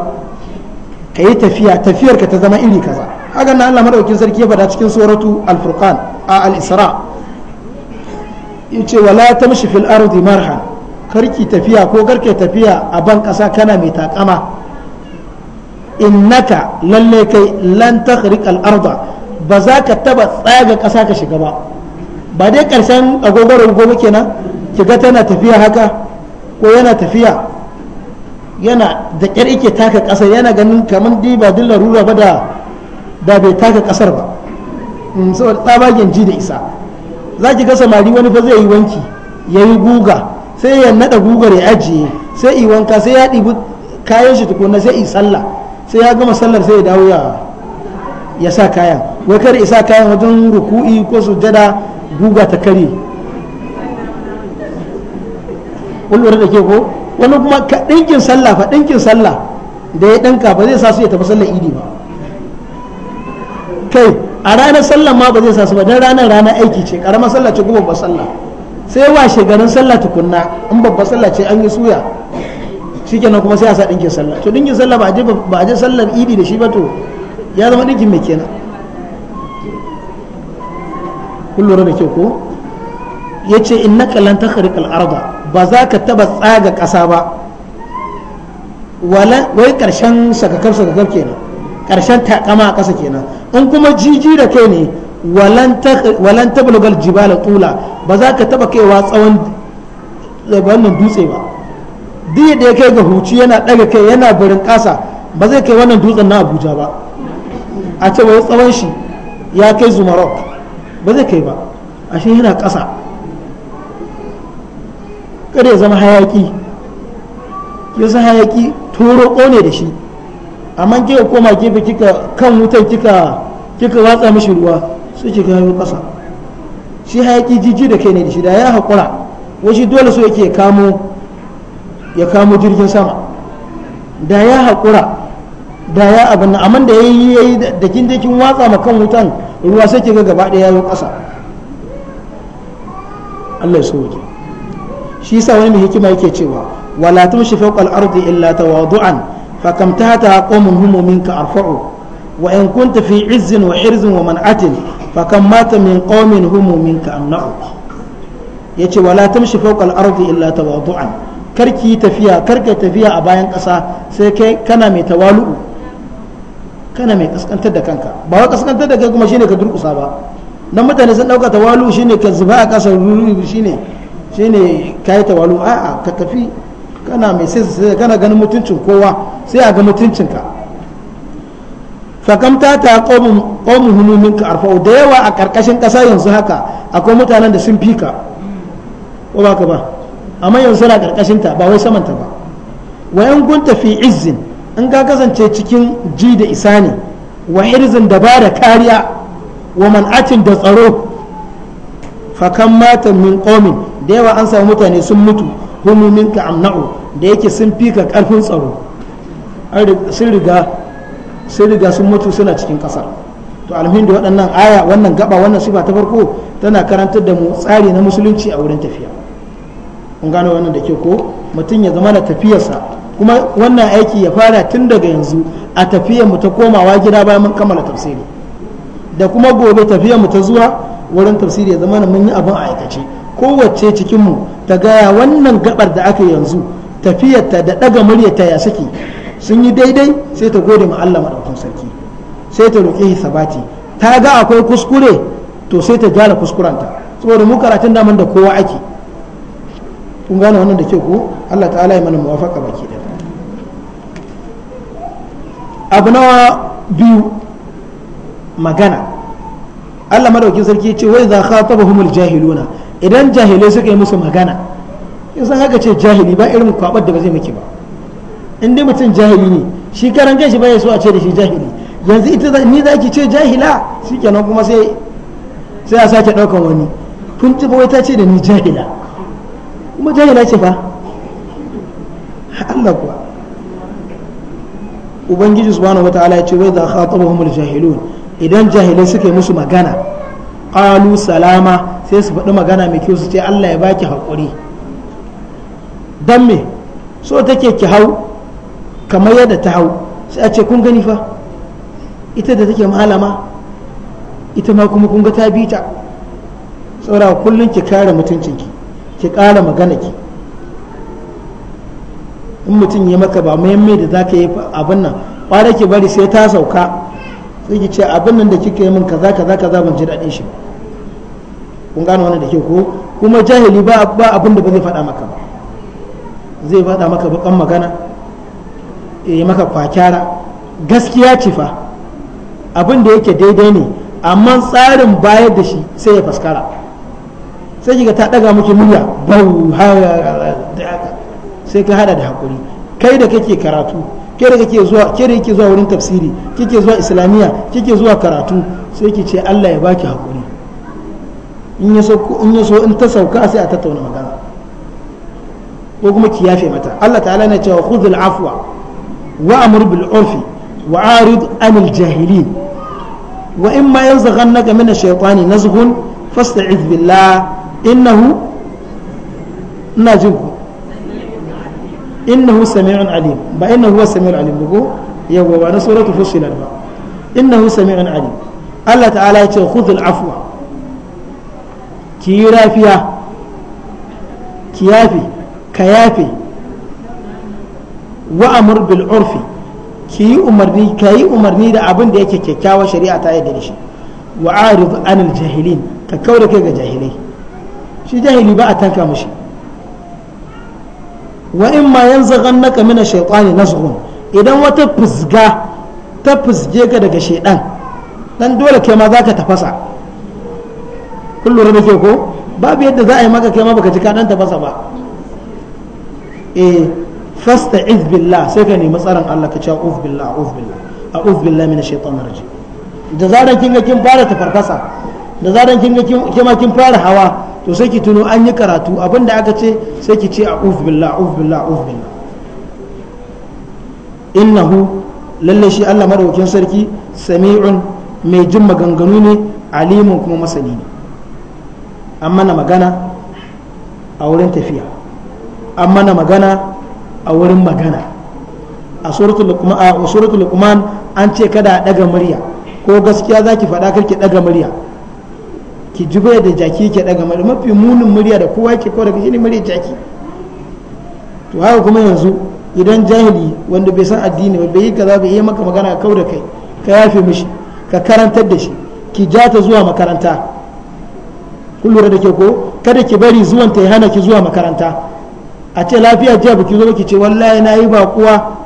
ka yi tafiya tafiyar ka ta zama iri kaza hakan na Allah madaukin sarki ya faɗa cikin suratu al-furqan a al-isra yace wala tamshi fil ardi marhan karki tafiya ko karke tafiya a ban kasa kana mai takama innaka lalle kai lan al arda ba za ka taba tsaga ƙasa ka shiga ba ba dai ƙarshen agogon muke kenan kiga tana tafiya haka ko yana tafiya yana da kyar ike taka ƙasa yana ganin kamar dai ba dilla rura ba da bai taka kasar ba In mm, so tsabagen ji da isa za ki ga samari wani fa zai yi wanki ya yi guga sai ya naɗa gugar ya ajiye sai yi wanka sai ya ɗibi kayan shi tukuna sai yi sallah sai ya gama sallar sai ya dawo ya sa kayan wai kar isa kayan wajen ruku'i ko sujada guga ta kare kullum da ke ko wani kuma ka ɗinkin sallah fa ɗinkin sallah da ya danka ba zai sa su ya tafi sallar idi ba kai a ranar sallar ma ba zai sa su ba don ranar ranar aiki ce ƙaramar sallah ce kuma babbar sallah sai wa shekarun sallah tukunna in babbar sallah ce an yi suya shikenan kuma sai a sa dinkin sallah to dinkin sallah ba a je ba je sallar idi da shi ba to ya zama dinkin mai kenan kun lura da kyau ko yace innaka lan takhriqal arda ba za ka taba tsaga ƙasa ba wala wai karshen sakakar sakakar kenan karshen takama a ƙasa kenan in kuma jiji da kai ne walan tablugal jibala tula ba za ka taba kaiwa tsawon wannan dutse ba duk da ya kai ga huci yana daga kai yana barin kasa ba zai kai wannan dutsen na abuja ba a ce wai tsawon shi ya kai zumarok ba zai kai ba a shi yana kasa. kada ya zama hayaƙi yasa hayaki turo ne da shi amma kika koma gefe kika kan wutan kika kika watsa mishi ruwa su ke yayo kasa shi hayaki jiji da kai ne da shi da ya haƙura wasu dole su yake kamo ya kamo jirgin sama da ya haƙura da ya abin amma da ya yi da kindekin watsa ma kan wutan ruwa sai ki ga gaba ɗaya yayin ƙasa Allah ya so wuce shi yasa wani mai hikima yake cewa wala tumshi fawqa al-ardi illa tawadu'an fa kam qawmun hum minka arfa'u wa in kunta fi izzin wa wa man'atin fa kam mata min qawmin hum minka anna'u yace wala tumshi fawqa al-ardi illa tawadu'an karki tafiya karka tafiya a bayan ƙasa sai kai kana mai tawalu'u kana mai kaskantar da kanka ba wa kaskantar da kai kuma shine ka durkusa ba Nan mutane sun dauka tawalu shine ka zuba a ƙasa shine shine kai tawalu a'a ka tafi kana mai sai kana ganin mutuncin kowa sai a ga mutuncinka fakam ta ta qawmun qawmun ka arfa'u da yawa a karkashin ƙasa yanzu haka akwai mutanen da sun fika ko ba ka ba amma yanzu suna karkashin ta ba wai samanta ba wa yan kunta fi izzin in ka kasance cikin ji da isa ne wa irzin da ba da kariya wa man'atin da tsaro fa kan matan min qomin da yawa an samu mutane sun mutu hum minka amna'u da yake sun fi ka karfin tsaro sun riga sun riga sun mutu suna cikin kasar to da waɗannan aya wannan gaba wannan sifa ta farko tana karantar da mu tsari na musulunci a wurin tafiya kun gano wannan da ke ko mutum ya zama na tafiyarsa kuma wannan aiki ya fara tun daga yanzu a tafiyar mu ta komawa gida bayan mun kammala tafsiri da kuma gobe tafiyar mu ta zuwa wurin tafsiri ya zama na mun yi abin aikace kowace cikin mu ta gaya wannan gabar da aka yanzu tafiyar ta da daga murya ta ya saki sun yi daidai sai ta gode ma Allah madaukakin sarki sai ta shi sabati ta ga akwai kuskure to sai ta gyara ta saboda mu karatun daman da kowa ake kun gane wannan da ke ko Allah ta'ala ya mana muwafaka baki da abu na biyu magana Allah madaukin sarki ya ce wai za humul jahiluna idan jahilai suka yi musu magana in san haka ce jahili ba irin kwabar da ba zai miki ba in dai mutum jahili ne shi karan kanshi ba ya so a ce da shi jahili yanzu ita ni za ki ce jahila shi kenan kuma sai sai a sake daukan wani kun ta ce da ni jahila kuma jahila ce fa Allah kuwa ubangiji subhanahu wataala ya ce wai da khatabahumul jahilun idan jahilai suka yi musu magana qalu salama sai su faɗi magana mai kyau su ce Allah ya baki haƙuri dan me so take ki hau kamar yadda ta hau sai a ce kun gani fa ita da take malama ita ma kuma kun ga ta bi ta saboda kullum ki kare mutuncinki ki kara magana ki in mutum ya maka ba muhimmai da za ka yi abin nan ƙwarai ki bari sai ta sauka sai ki ce abin nan da kika yi min kaza kaza kaza ban ji daɗin shi kun gane wani da ke ko kuma jahili ba abin da ba zai faɗa maka ba zai faɗa maka bakan magana ya yi maka kwakyara gaskiya ce fa abin da yake daidai ne amma tsarin bayar da shi sai ya faskara sai kiga ta daga miki murya bau haya sai ka hada da hakuri kai da kake karatu ke da kake zuwa ke da kike zuwa wurin tafsiri kike zuwa islamiya kike zuwa karatu sai ki ce Allah ya baki hakuri in ya so in ya so in ta sauka sai a tattauna magana ko kuma ki yafe mata Allah ta'ala na cewa khudhul afwa wa amur bil urfi wa arid anil jahilin wa imma yanzaghannaka min ash-shaytani nazghun fasta'idh billah innahu ina jin ku innahu sami'un alim ba innahu huwa sami'un alim ba ko yawa ba na suratul fussilat ba innahu sami'un alim Allah ta'ala ya ce khudhul afwa ki rafiya ki yafi ka yafi wa amur bil umarni ka yi umarni da abin da yake kyakkyawar shari'a ta yadda da anil jahilin ka kaura kai ga jahilai shi jahili ba a tanka mashi wa in ma yanzu gannaka mina shaikwani na idan wata fusga ta fusge ka daga shaiɗan dan dole kai ma za ka tafasa kun lura da ke ko babu yadda za a yi maka kai ma baka ji ka dan tafasa ba e eh, fasta iz billah sai ka nemi tsaron Allah ka ce a'udhu billah a'udhu billah a'udhu billahi shaiɗan shaitanir rajim da zaran kin ga kin fara tafarfasa da zaran kin ga kin ma kin fara hawa to sai ki tuno an yi karatu abinda aka ce sai ki ce a billah a'udhu billah a'udhu billah innahu lalle shi Allah madaukakin sarki sami'un mai jin maganganu ne alimun kuma masani ne an mana magana a wurin tafiya an mana magana a wurin magana a suratul luqman an ce kada a daga murya ko gaskiya zaki faɗa karki daga murya ki jibe da jaki ke daga mara mafi munin murya da kowa ke kawo daga ne murya jaki to haka kuma yanzu idan jahili wanda bai san addini ba bai yi kaza bai yi maka magana kawai da kai ka yafe mishi ka karantar da shi ki ja ta zuwa makaranta kun da ke ko kada ki bari zuwan ta hana ki zuwa makaranta a ce lafiya jiya ba ki zo ki ce wallahi na yi ba kuwa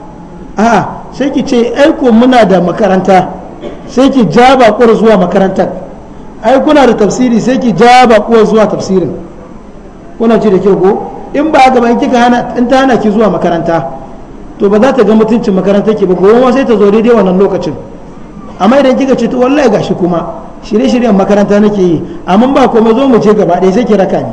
a'a sai ki ce aiko muna da makaranta sai ki ja bakwar zuwa makarantar ai kuna da tafsiri sai ki ja bakuwa zuwa tafsirin kuna ji da kyau ko in ba haka ba in kika hana in ta hana ki zuwa makaranta to ba za ta ga mutuncin makaranta ki ba gobe sai ta zo daidai wannan lokacin amma idan kika ce to wallahi gashi kuma shirye-shiryen makaranta nake yi amma ba komai zo mu je gaba ɗaya sai ki raka ni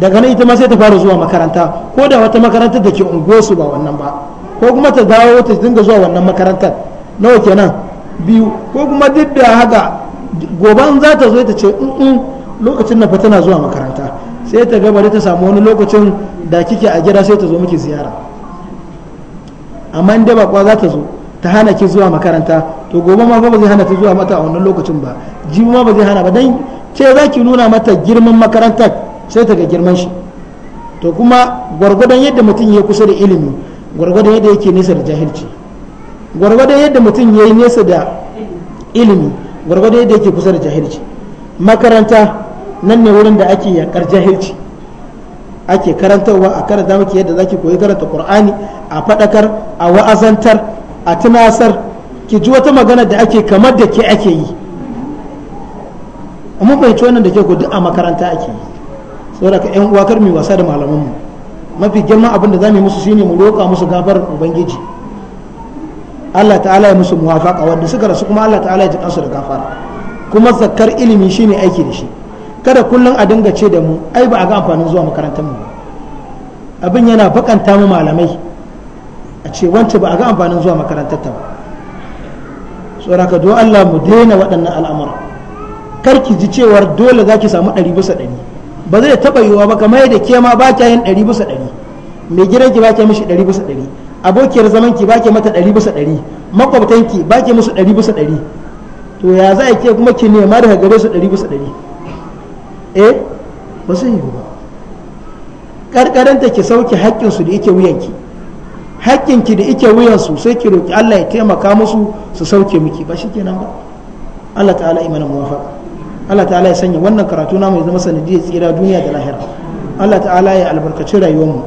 daga nan ita ma sai ta fara zuwa makaranta ko da wata makarantar da ke unguwarsu ba wannan ba ko kuma ta dawo ta dinga zuwa wannan makarantar nawa kenan biyu ko kuma duk da haka goban za ta zo ta ce in mm, mm, lokacin na fa tana zuwa makaranta sai ta gaba da ta samu wani lokacin da kike a gida sai ta zo miki ziyara amma inda dai bakwa za ta zo ta hana ki zuwa makaranta to gobe ma ba zai hana ta zuwa mata a wannan lokacin ba jibi ma ba zai hana ba dan ce za ki nuna mata girman makarantar sai ta ga girman shi to kuma gwargwadon yadda mutum ya kusa da ilimi gwargwadon yadda yake nesa da jahilci gwargwadon yadda mutum ya yi nesa da ilimi gwargwado yadda yake kusa da jahilci makaranta nan ne wurin da ake yakar jahilci ake karantarwa a karanta yadda zaki koyi karanta qur'ani a faɗakar a wa'azantar a tunasar ki ji wata magana da ake kamar da ke ake yi amma fahimci wannan da ke a makaranta ake yi saboda ka yan uwa kar mu wasa da malaman mu mafi girman abin da zamu yi musu shine mu roƙa musu gabar ubangiji Allah ta'ala ya musu muwafaqa wanda suka rasu kuma Allah ta'ala ya ji kansu da kafara kuma zakkar ilimi shine aiki da shi kada kullum a dinga ce da mu ai ba a ga amfanin zuwa makarantar mu abin yana bakanta mu malamai a ce wance ba a ga amfanin zuwa makarantar ta ba ka do Allah mu daina waɗannan al'amura kar ki ji cewar dole za ki samu ɗari bisa ɗari ba zai taɓa yiwuwa ba kamar yadda ke ma ba ta yin ɗari bisa ɗari mai gidan ki ba ta mishi ɗari bisa ɗari abokiyar zaman ki bake mata ɗari bisa ɗari makwabtan ki bake musu ɗari bisa ɗari to ya za a ke kuma ki nema daga gare su ɗari bisa ɗari eh ba su yi ba karkaranta ki sauke haƙƙinsu da ike wuyanki haƙƙinki da ike wuyansu sai ki roƙi Allah ya taimaka musu su sauke miki ba shi kenan ba Allah ta'ala imanin muwafaqa Allah ta'ala ya sanya wannan karatu na mai zama sanadiyar tsira duniya da lahira Allah ta'ala ya albarkaci rayuwarmu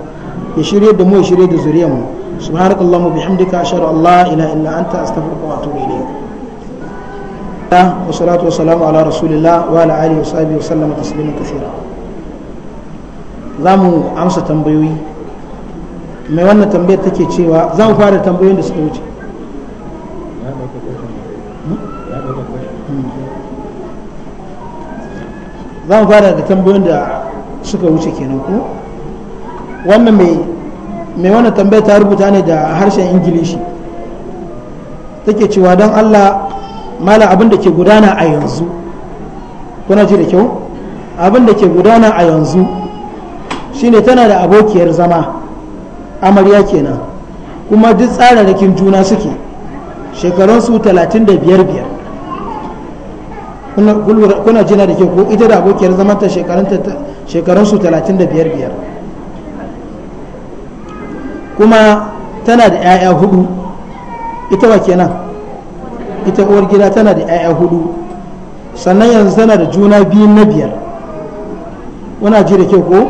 ya shirye da mu ya shirye da zuriyarmu سبحانك اللهم وبحمدك أشهد أن لا إله إلا أنت أستغفرك وأتوب إليك والصلاة والسلام على رسول الله وعلى آله وصحبه وسلم تسليما كثيرا zamu amsa tambayoyi mai wannan tambayar take cewa za mu fara tambayoyin da suka hmm. fara da tambayoyin da suka wuce kenan ko wannan mai mai wannan tambaya ta rubuta ne da harshen ingilishi take cewa don allah mala abin da ke gudana a yanzu kuna ji da kyau abin da ke gudana a yanzu shine tana da abokiyar zama amarya kenan kuma duk tsararrakin juna suke shekarunsu talatin da biyar biyar kuna jina da ke ko ita da abokiyar zamanta shekarunsu talatin da biyar biyar kuma tana da 'ya'ya hudu ita wa kenan ita uwar gida tana da 'ya'ya hudu sannan yanzu tana da juna biyu na biyar wana ji da ke ko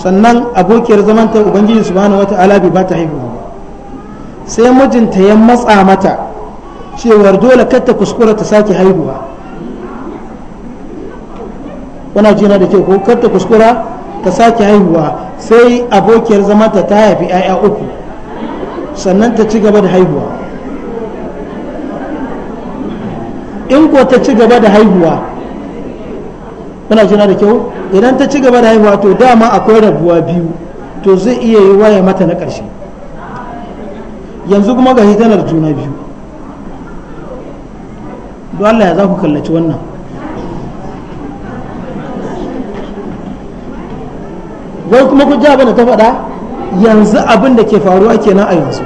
sannan abokiyar zaman ta ubangiji subhanahu wata bai ba ta haihuwa sai mijinta ya matsa mata cewar dole kar ta kuskura ta sake haihuwa wana ji na da ke ko kar ta kuskura ta sake haihuwa sai abokiyar zamanta ta haifi 'ya'ya uku sannan ta ci gaba da haihuwa in ko ta ci gaba da haihuwa kuna jina da kyau idan ta ci gaba da haihuwa to dama akwai rabuwa biyu to zai iya yi waye mata na ƙarshe yanzu kuma ga hitanar juna biyu don Allah ya za ku kallaci wannan wai kuma ku ja bane ta faɗa yanzu abin da ke faruwa kenan a yanzu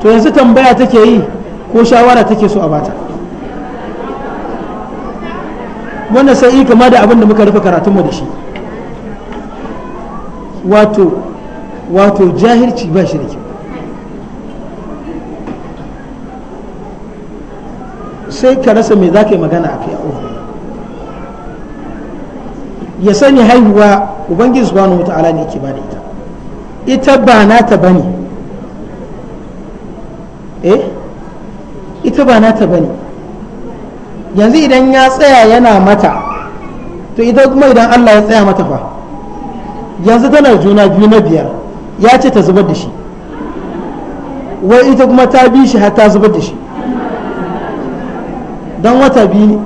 to yanzu tambaya take yi ko shawara take so a bata wannan sai yi kama da abin da muka rufe karatunmu da shi wato wato jahilci ba shi da kyau sai ka rasa me za ka yi magana a kai a ya sani haihuwa ubangiji subhanahu ala ne yake bada ita ita ba nata bane eh ita ba nata bane yanzu idan ya tsaya yana mata to ita kuma idan Allah ya tsaya mata fa yanzu tana juna biyu na biyar ya ce ta zubar da shi wai ita kuma ta bi shi har ta zubar da shi don wata biyu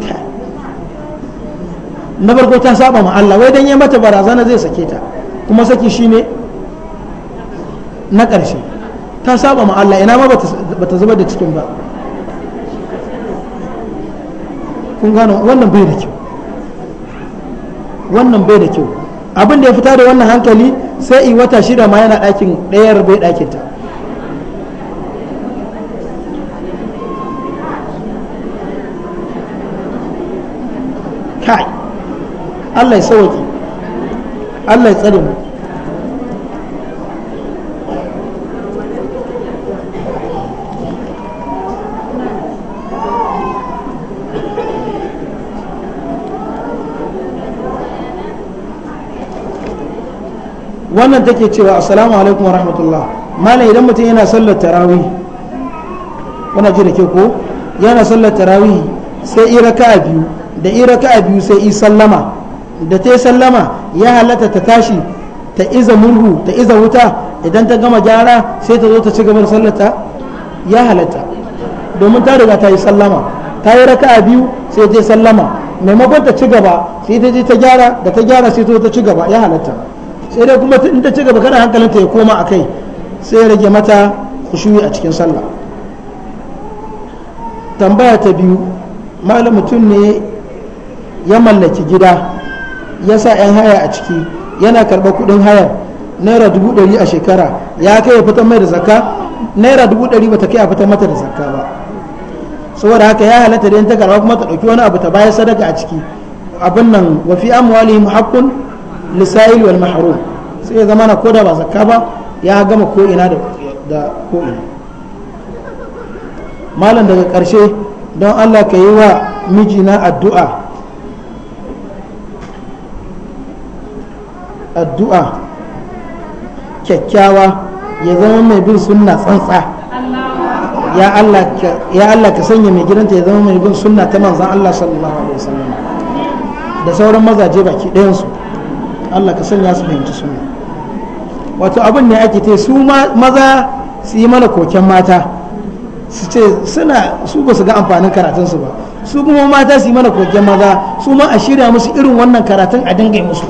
na farko ta saba ma Allah wai dan ya mata barazana zai sake ta kuma saki shine na ƙarshe ta saba ma Allah ina ma bata zubar da cikin ba kun gano wannan bai da kyau wannan bai da kyau abin da ya fita da wannan hankali sai i wata shida ma yana ɗakin ɗayar bai ɗakin ta Allah ya sauki Allah ya tsare mu wannan take cewa assalamu alaikum wa rahmatullah malam idan mutum yana sallar tarawih kuna ji da ke ko yana sallar tarawih sai iraka biyu da iraka biyu sai i sallama da ta sallama ya halatta ta tashi ta iza murhu ta iza wuta idan ta gama gyara sai ta zo ta ci gaba da sallata ya halatta domin ta riga ta yi sallama ta yi raka a biyu sai ta sallama maimakon ta ci gaba sai ta je ta gyara da ta gyara sai ta zo ta ci gaba ya halatta sai dai kuma in ta ci gaba kada ta ya koma a kai sai ya rage mata kushuyi a cikin sallah tambaya ta biyu malam ne ya mallaki gida ya sa 'yan haya a ciki yana karba kudin hayar naira dubu ɗari a shekara ya kai ya fitar mai da zakka naira dubu ɗari ba ta kai a fitar mata da zakka ba saboda haka ya halatta da ta karɓa kuma ta ɗauki wani abu ta bayar sadaka a ciki abin nan wa fi amwalihim haqqun lisa'il wal mahrum sai ya zama na koda ba zakka ba ya gama ko ina da ko ina malam daga karshe don Allah ka yi wa mijina addu'a addu'a kyakkyawa ya zama mai bin sunna tsantsa ya Allah ka sanya mai gidanta ya zama mai bin sunna ta manzan Allah sallallahu alaihi wasallam da sauran mazaje baki ɗayansu Allah ka sanya su fahimci sunna wato abin ne ake te su maza su yi mana koken mata su ce suna su ba su ga amfanin karatunsu ba su kuma mata su yi mana koken maza su ma a shirya musu irin wannan karatun a dinga musu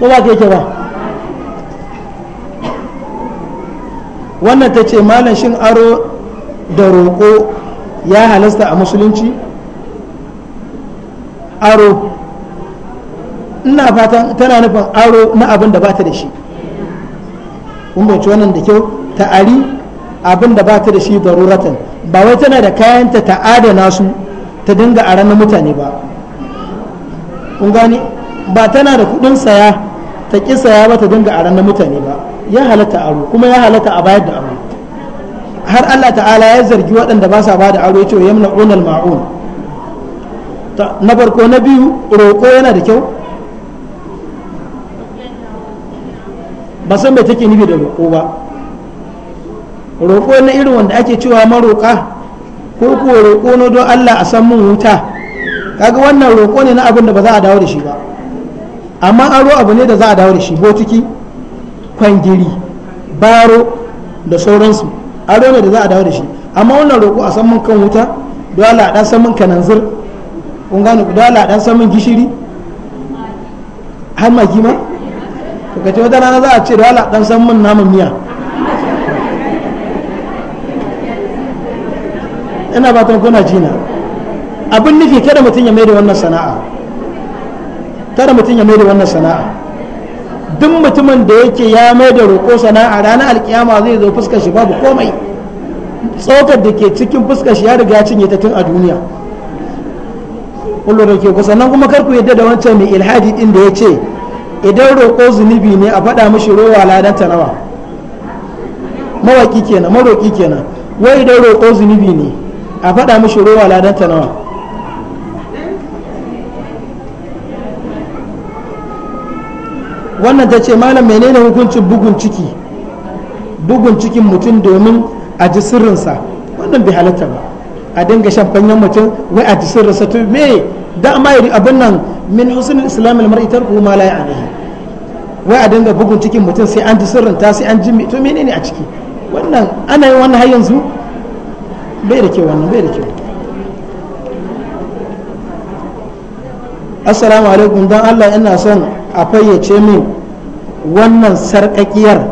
ko ba ke ke ba wannan ta ce malam shin aro da roƙo ya halasta a musulunci aro ina fatan tana nufin aro na abin da ba ta da shi kun bai wannan da kyau ta'ari abin da ba ta da shi daruratan ba wai tana da kayanta ta adana su ta dinga a ranar mutane ba ƙungani ba tana da kuɗin saya ta ƙi saya ba ta dinga aron na mutane ba ya halatta aro kuma ya halatta a bayar da aro har Allah ta'ala ya zargi waɗanda ba sa ba da aro ya ce yamna unal ma'un na farko na biyu roƙo yana da kyau ba san bai take nufi da roƙo ba roƙo na irin wanda ake cewa maroƙa ko kuwa roƙo na don Allah a san mun wuta kaga wannan roƙo ne na abin da ba za a dawo da shi ba amma aro abu ne da za a dawo da shi botiki kwangiri baro da sauransu aro ne da za a dawo da shi amma wannan roƙo a saman kan wuta dole a ɗan saman kananzir kun gane dole a ɗan saman gishiri har magi ma to kace wata rana za a ce dole a ɗan saman naman miya ina ba ta kuna jina abin nufi kada mutum ya mai da wannan sana'a kada mutum ya mai da wannan sana'a duk mutumin da yake ya mai da roƙo sana'a ranar alkiyama zai zo fuskar shi babu komai tsokar da ke cikin fuskar shi ya riga cinye ta tun a duniya kullum da ke kusa nan kuma karku yadda da wancan mai ilhadi din da ya ce idan roƙo zunubi ne a faɗa mishi rowa ladan ta nawa Mawaƙi kenan maroƙi kenan wai idan roƙo zunubi ne a faɗa mishi rowa ladan ta nawa wannan ta ce malam menene hukuncin bugun ciki bugun cikin mutum domin a ji sirrinsa wannan bai halatta ba a dinga shan fanyen mutum wai a ji sirrinsa to me da ma yi abin nan min husnul islam al mar'i tarku ma la ya'nihi wai a dinga bugun cikin mutum sai an ji sirrinta sai an ji to menene a ciki wannan ana yin wannan har yanzu bai da kyau wannan bai da kyau assalamu alaikum don allah ina son a fayyace min wannan sarƙaƙiyar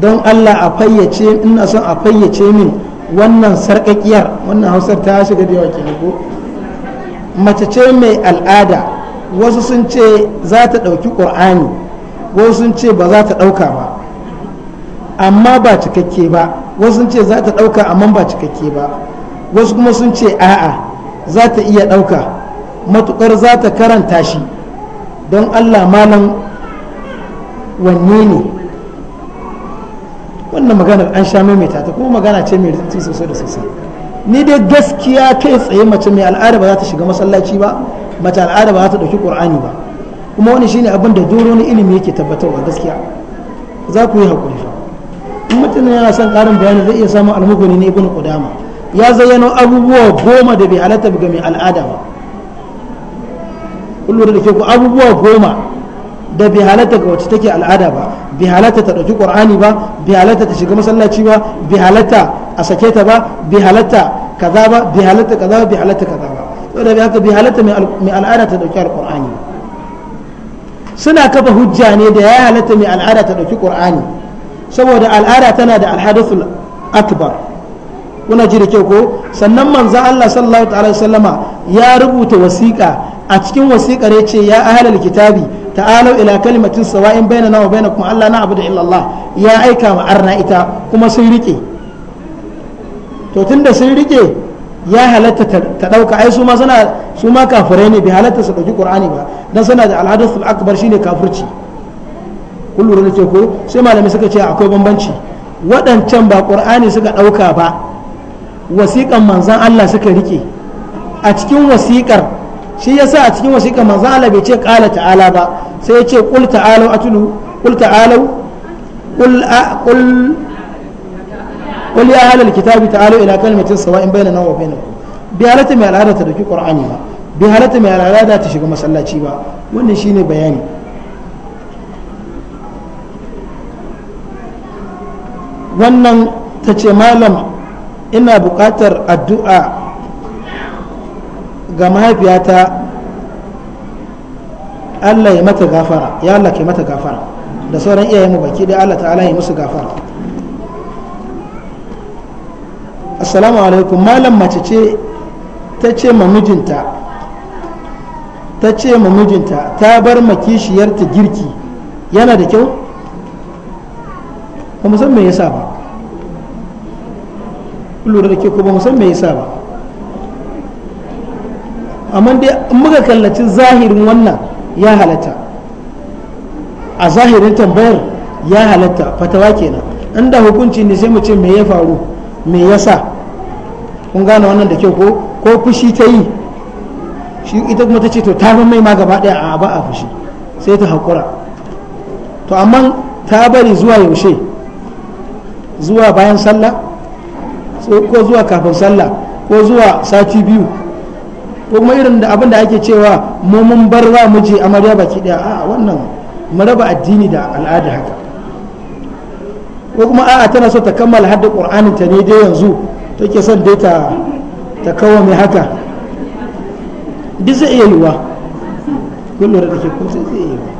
don Allah a fayyace ina son a fayyace min wannan sarƙaƙiyar wannan hausar ta shiga da yawa ke ko mace ce mai al'ada wasu sun ce za ta ɗauki ƙur'ani wasu sun ce ba za ta ɗauka ba amma ba cikakke ba wasu sun ce za ta ɗauka amma ba cikakke ba wasu kuma sun ce a'a za ta iya ɗauka matuƙar za ta karanta shi don allah malam wanne ne wannan magana an sha maimaita ta kuma magana ce mai rikici sosai da sosai ni dai gaskiya kai tsaye mace mai al'ada ba za ta shiga masallaci ba mace al'ada ba za ta ɗauki ƙur'ani ba kuma wani shine abin da doro na ilimi yake tabbatarwa gaskiya za ku yi haƙuri fa in mutum yana son ƙarin bayani zai iya samun almuguni ne ibn qudama ya zayyano abubuwa goma da bai halatta ga mai al'ada ba kullum da ke ku abubuwa goma da bi halatta ga wacce take al'ada ba bi halatta ta ɗauki ƙur'ani ba bi halatta ta shiga masallaci ba bi halatta a sake ta ba bi halatta kaza ba bi halatta kaza ba bi halatta kaza ba saboda bi haka bi halatta mai al'ada ta ɗauki alƙur'ani suna kafa hujja ne da ya halatta mai al'ada ta ɗauki ƙur'ani saboda al'ada tana da alhadathul akbar kuna ji da kyau ko sannan manzan Allah sallallahu ta'ala sallama ya rubuta wasiƙa a cikin wasiƙar ya ce ya ahlal kitabi ta'alau ila kalimatin sawa'in bainana wa bainakum Allah na abu da ya aika wa arna ita kuma sun rike to tunda sun rike ya halatta ta dauka ai su ma suna su ma kafirai ne bi halatta su dauki qur'ani ba dan suna da alhadath al-akbar shine kafirci kun lura da ko sai malami suka ce akwai bambanci waɗancan ba qur'ani suka dauka ba wasiƙan manzan Allah suka rike a cikin wasiƙar shi yasa a cikin wasiƙa manzo Allah bai ce qala ta'ala ba sai ya ce qul ta'alu atulu qul ta'alu a qul qul ya ahlal kitabi ta'alu ila kalimatin sawa'in bainana wa bainakum bi halatta mai al'ada ta dauki qur'ani ba bi halatta mai al'ada ta shiga masallaci ba wannan shine bayani wannan ta ce malam ina bukatar addu'a ga mahaifiyata Allah ya mata gafara ya Allah ke mata gafara da sauran mu baki da Allah ta'ala ya musu gafara assalamu alaikum malam mace ce ta ce ma mijinta ta ce ma mijinta ta bar makishiyarta girki yana da kyau ba mu san me yasa ba lura da kyau ko ba mu san me yasa ba amma dai muka kallaci zahirin wannan ya halatta a zahirin tambayar ya halatta fatawa kenan inda hukunci ne sai mu ce me ya faru me yasa sa kun gane wannan da kyau ko fushi ta yi shi ita kuma ta ce to ta mai ma gaba daya a ba a fushi sai ta haƙura to amma ta bari zuwa yaushe zuwa bayan sallah ko zuwa kafin sallah ko zuwa sati biyu ko kuma irin da abin da ake cewa mu mun bar za mu je amarya baki daya a wannan maraba addini da al'ada haka ko kuma a'a tana so ta kammala hadda qur'anin ta ne dai yanzu take son dai ta ta kawo mai haka duk zai iya yiwa kun lura da ke ko sai zai iya yiwa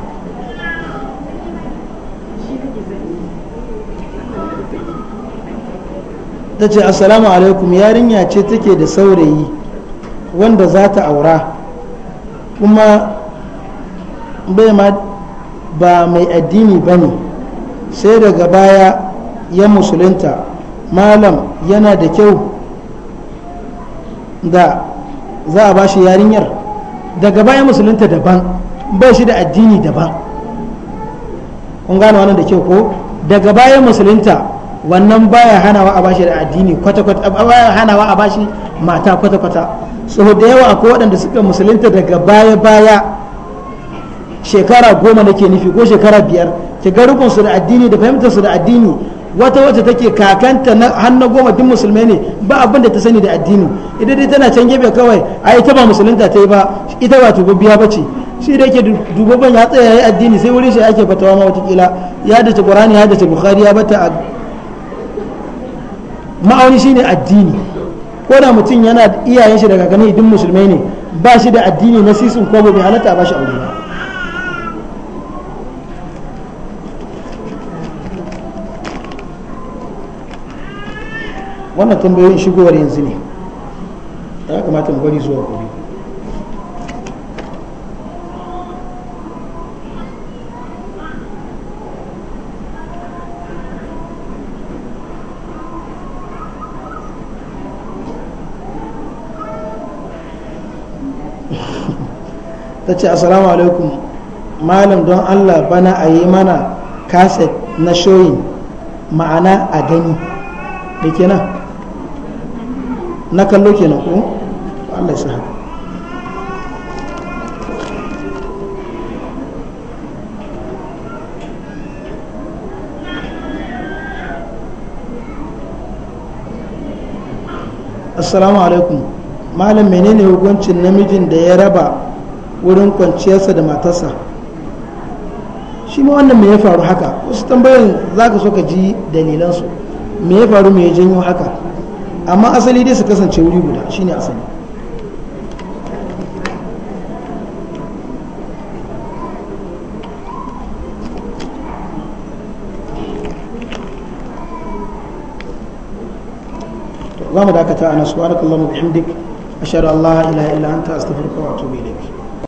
ta ce assalamu alaikum yarinya ce take da saurayi wanda za ta aura kuma bai ma ba mai addini ba ne sai daga baya ya musulunta malam yana da kyau da za a ba shi yarinyar daga baya musulunta daban bai shi da addini daban kun gane wannan da kyau ko daga baya musulunta wannan baya hanawa a bashi da addini kwata-kwata baya hanawa a bashi mata kwata-kwata sau da yawa akwai waɗanda suka musulunta daga baya baya shekara goma nake nufi ko shekara biyar ki ga rukunsu da addini da fahimtarsu da addini wata wacce take kakanta na hannu goma duk musulmai ne ba abin ta sani da addini idan dai tana can gefe kawai a ita ba musulunta ta yi ba ita ba tubabbiya ba ce shi da yake dubabban ya tsaya ya addini sai wuri shi ake fatawa ma watakila ya dace qur'ani ya ta bukari ya bata ma'auni shine addini ko da mutum yana iyayen shi daga gani idan musulmai ne ba shi da addini na sisin ko bai halatta ba shi aure ba wannan tambayoyin shigowar yanzu ne ya kamata mu bari zuwa gobe ta ce assalamu alaikum malam don allah bana a yi mana kaset na shoyin ma'ana a gani da kenan na kallo kenan ko allah ya assalamu alaikum malam menene hukuncin namijin da ya raba wurin kwanciyarsa da matarsa shi ma wannan me ya faru haka wasu tambayan za ka so ka ji dalilansu me ya faru me ya janyo haka amma asali dai su kasance wuri guda shine asali za mu dakata a nasu wa alakallahu bihamdik ashhadu an la ilaha illa anta astaghfiruka wa atubu ilayk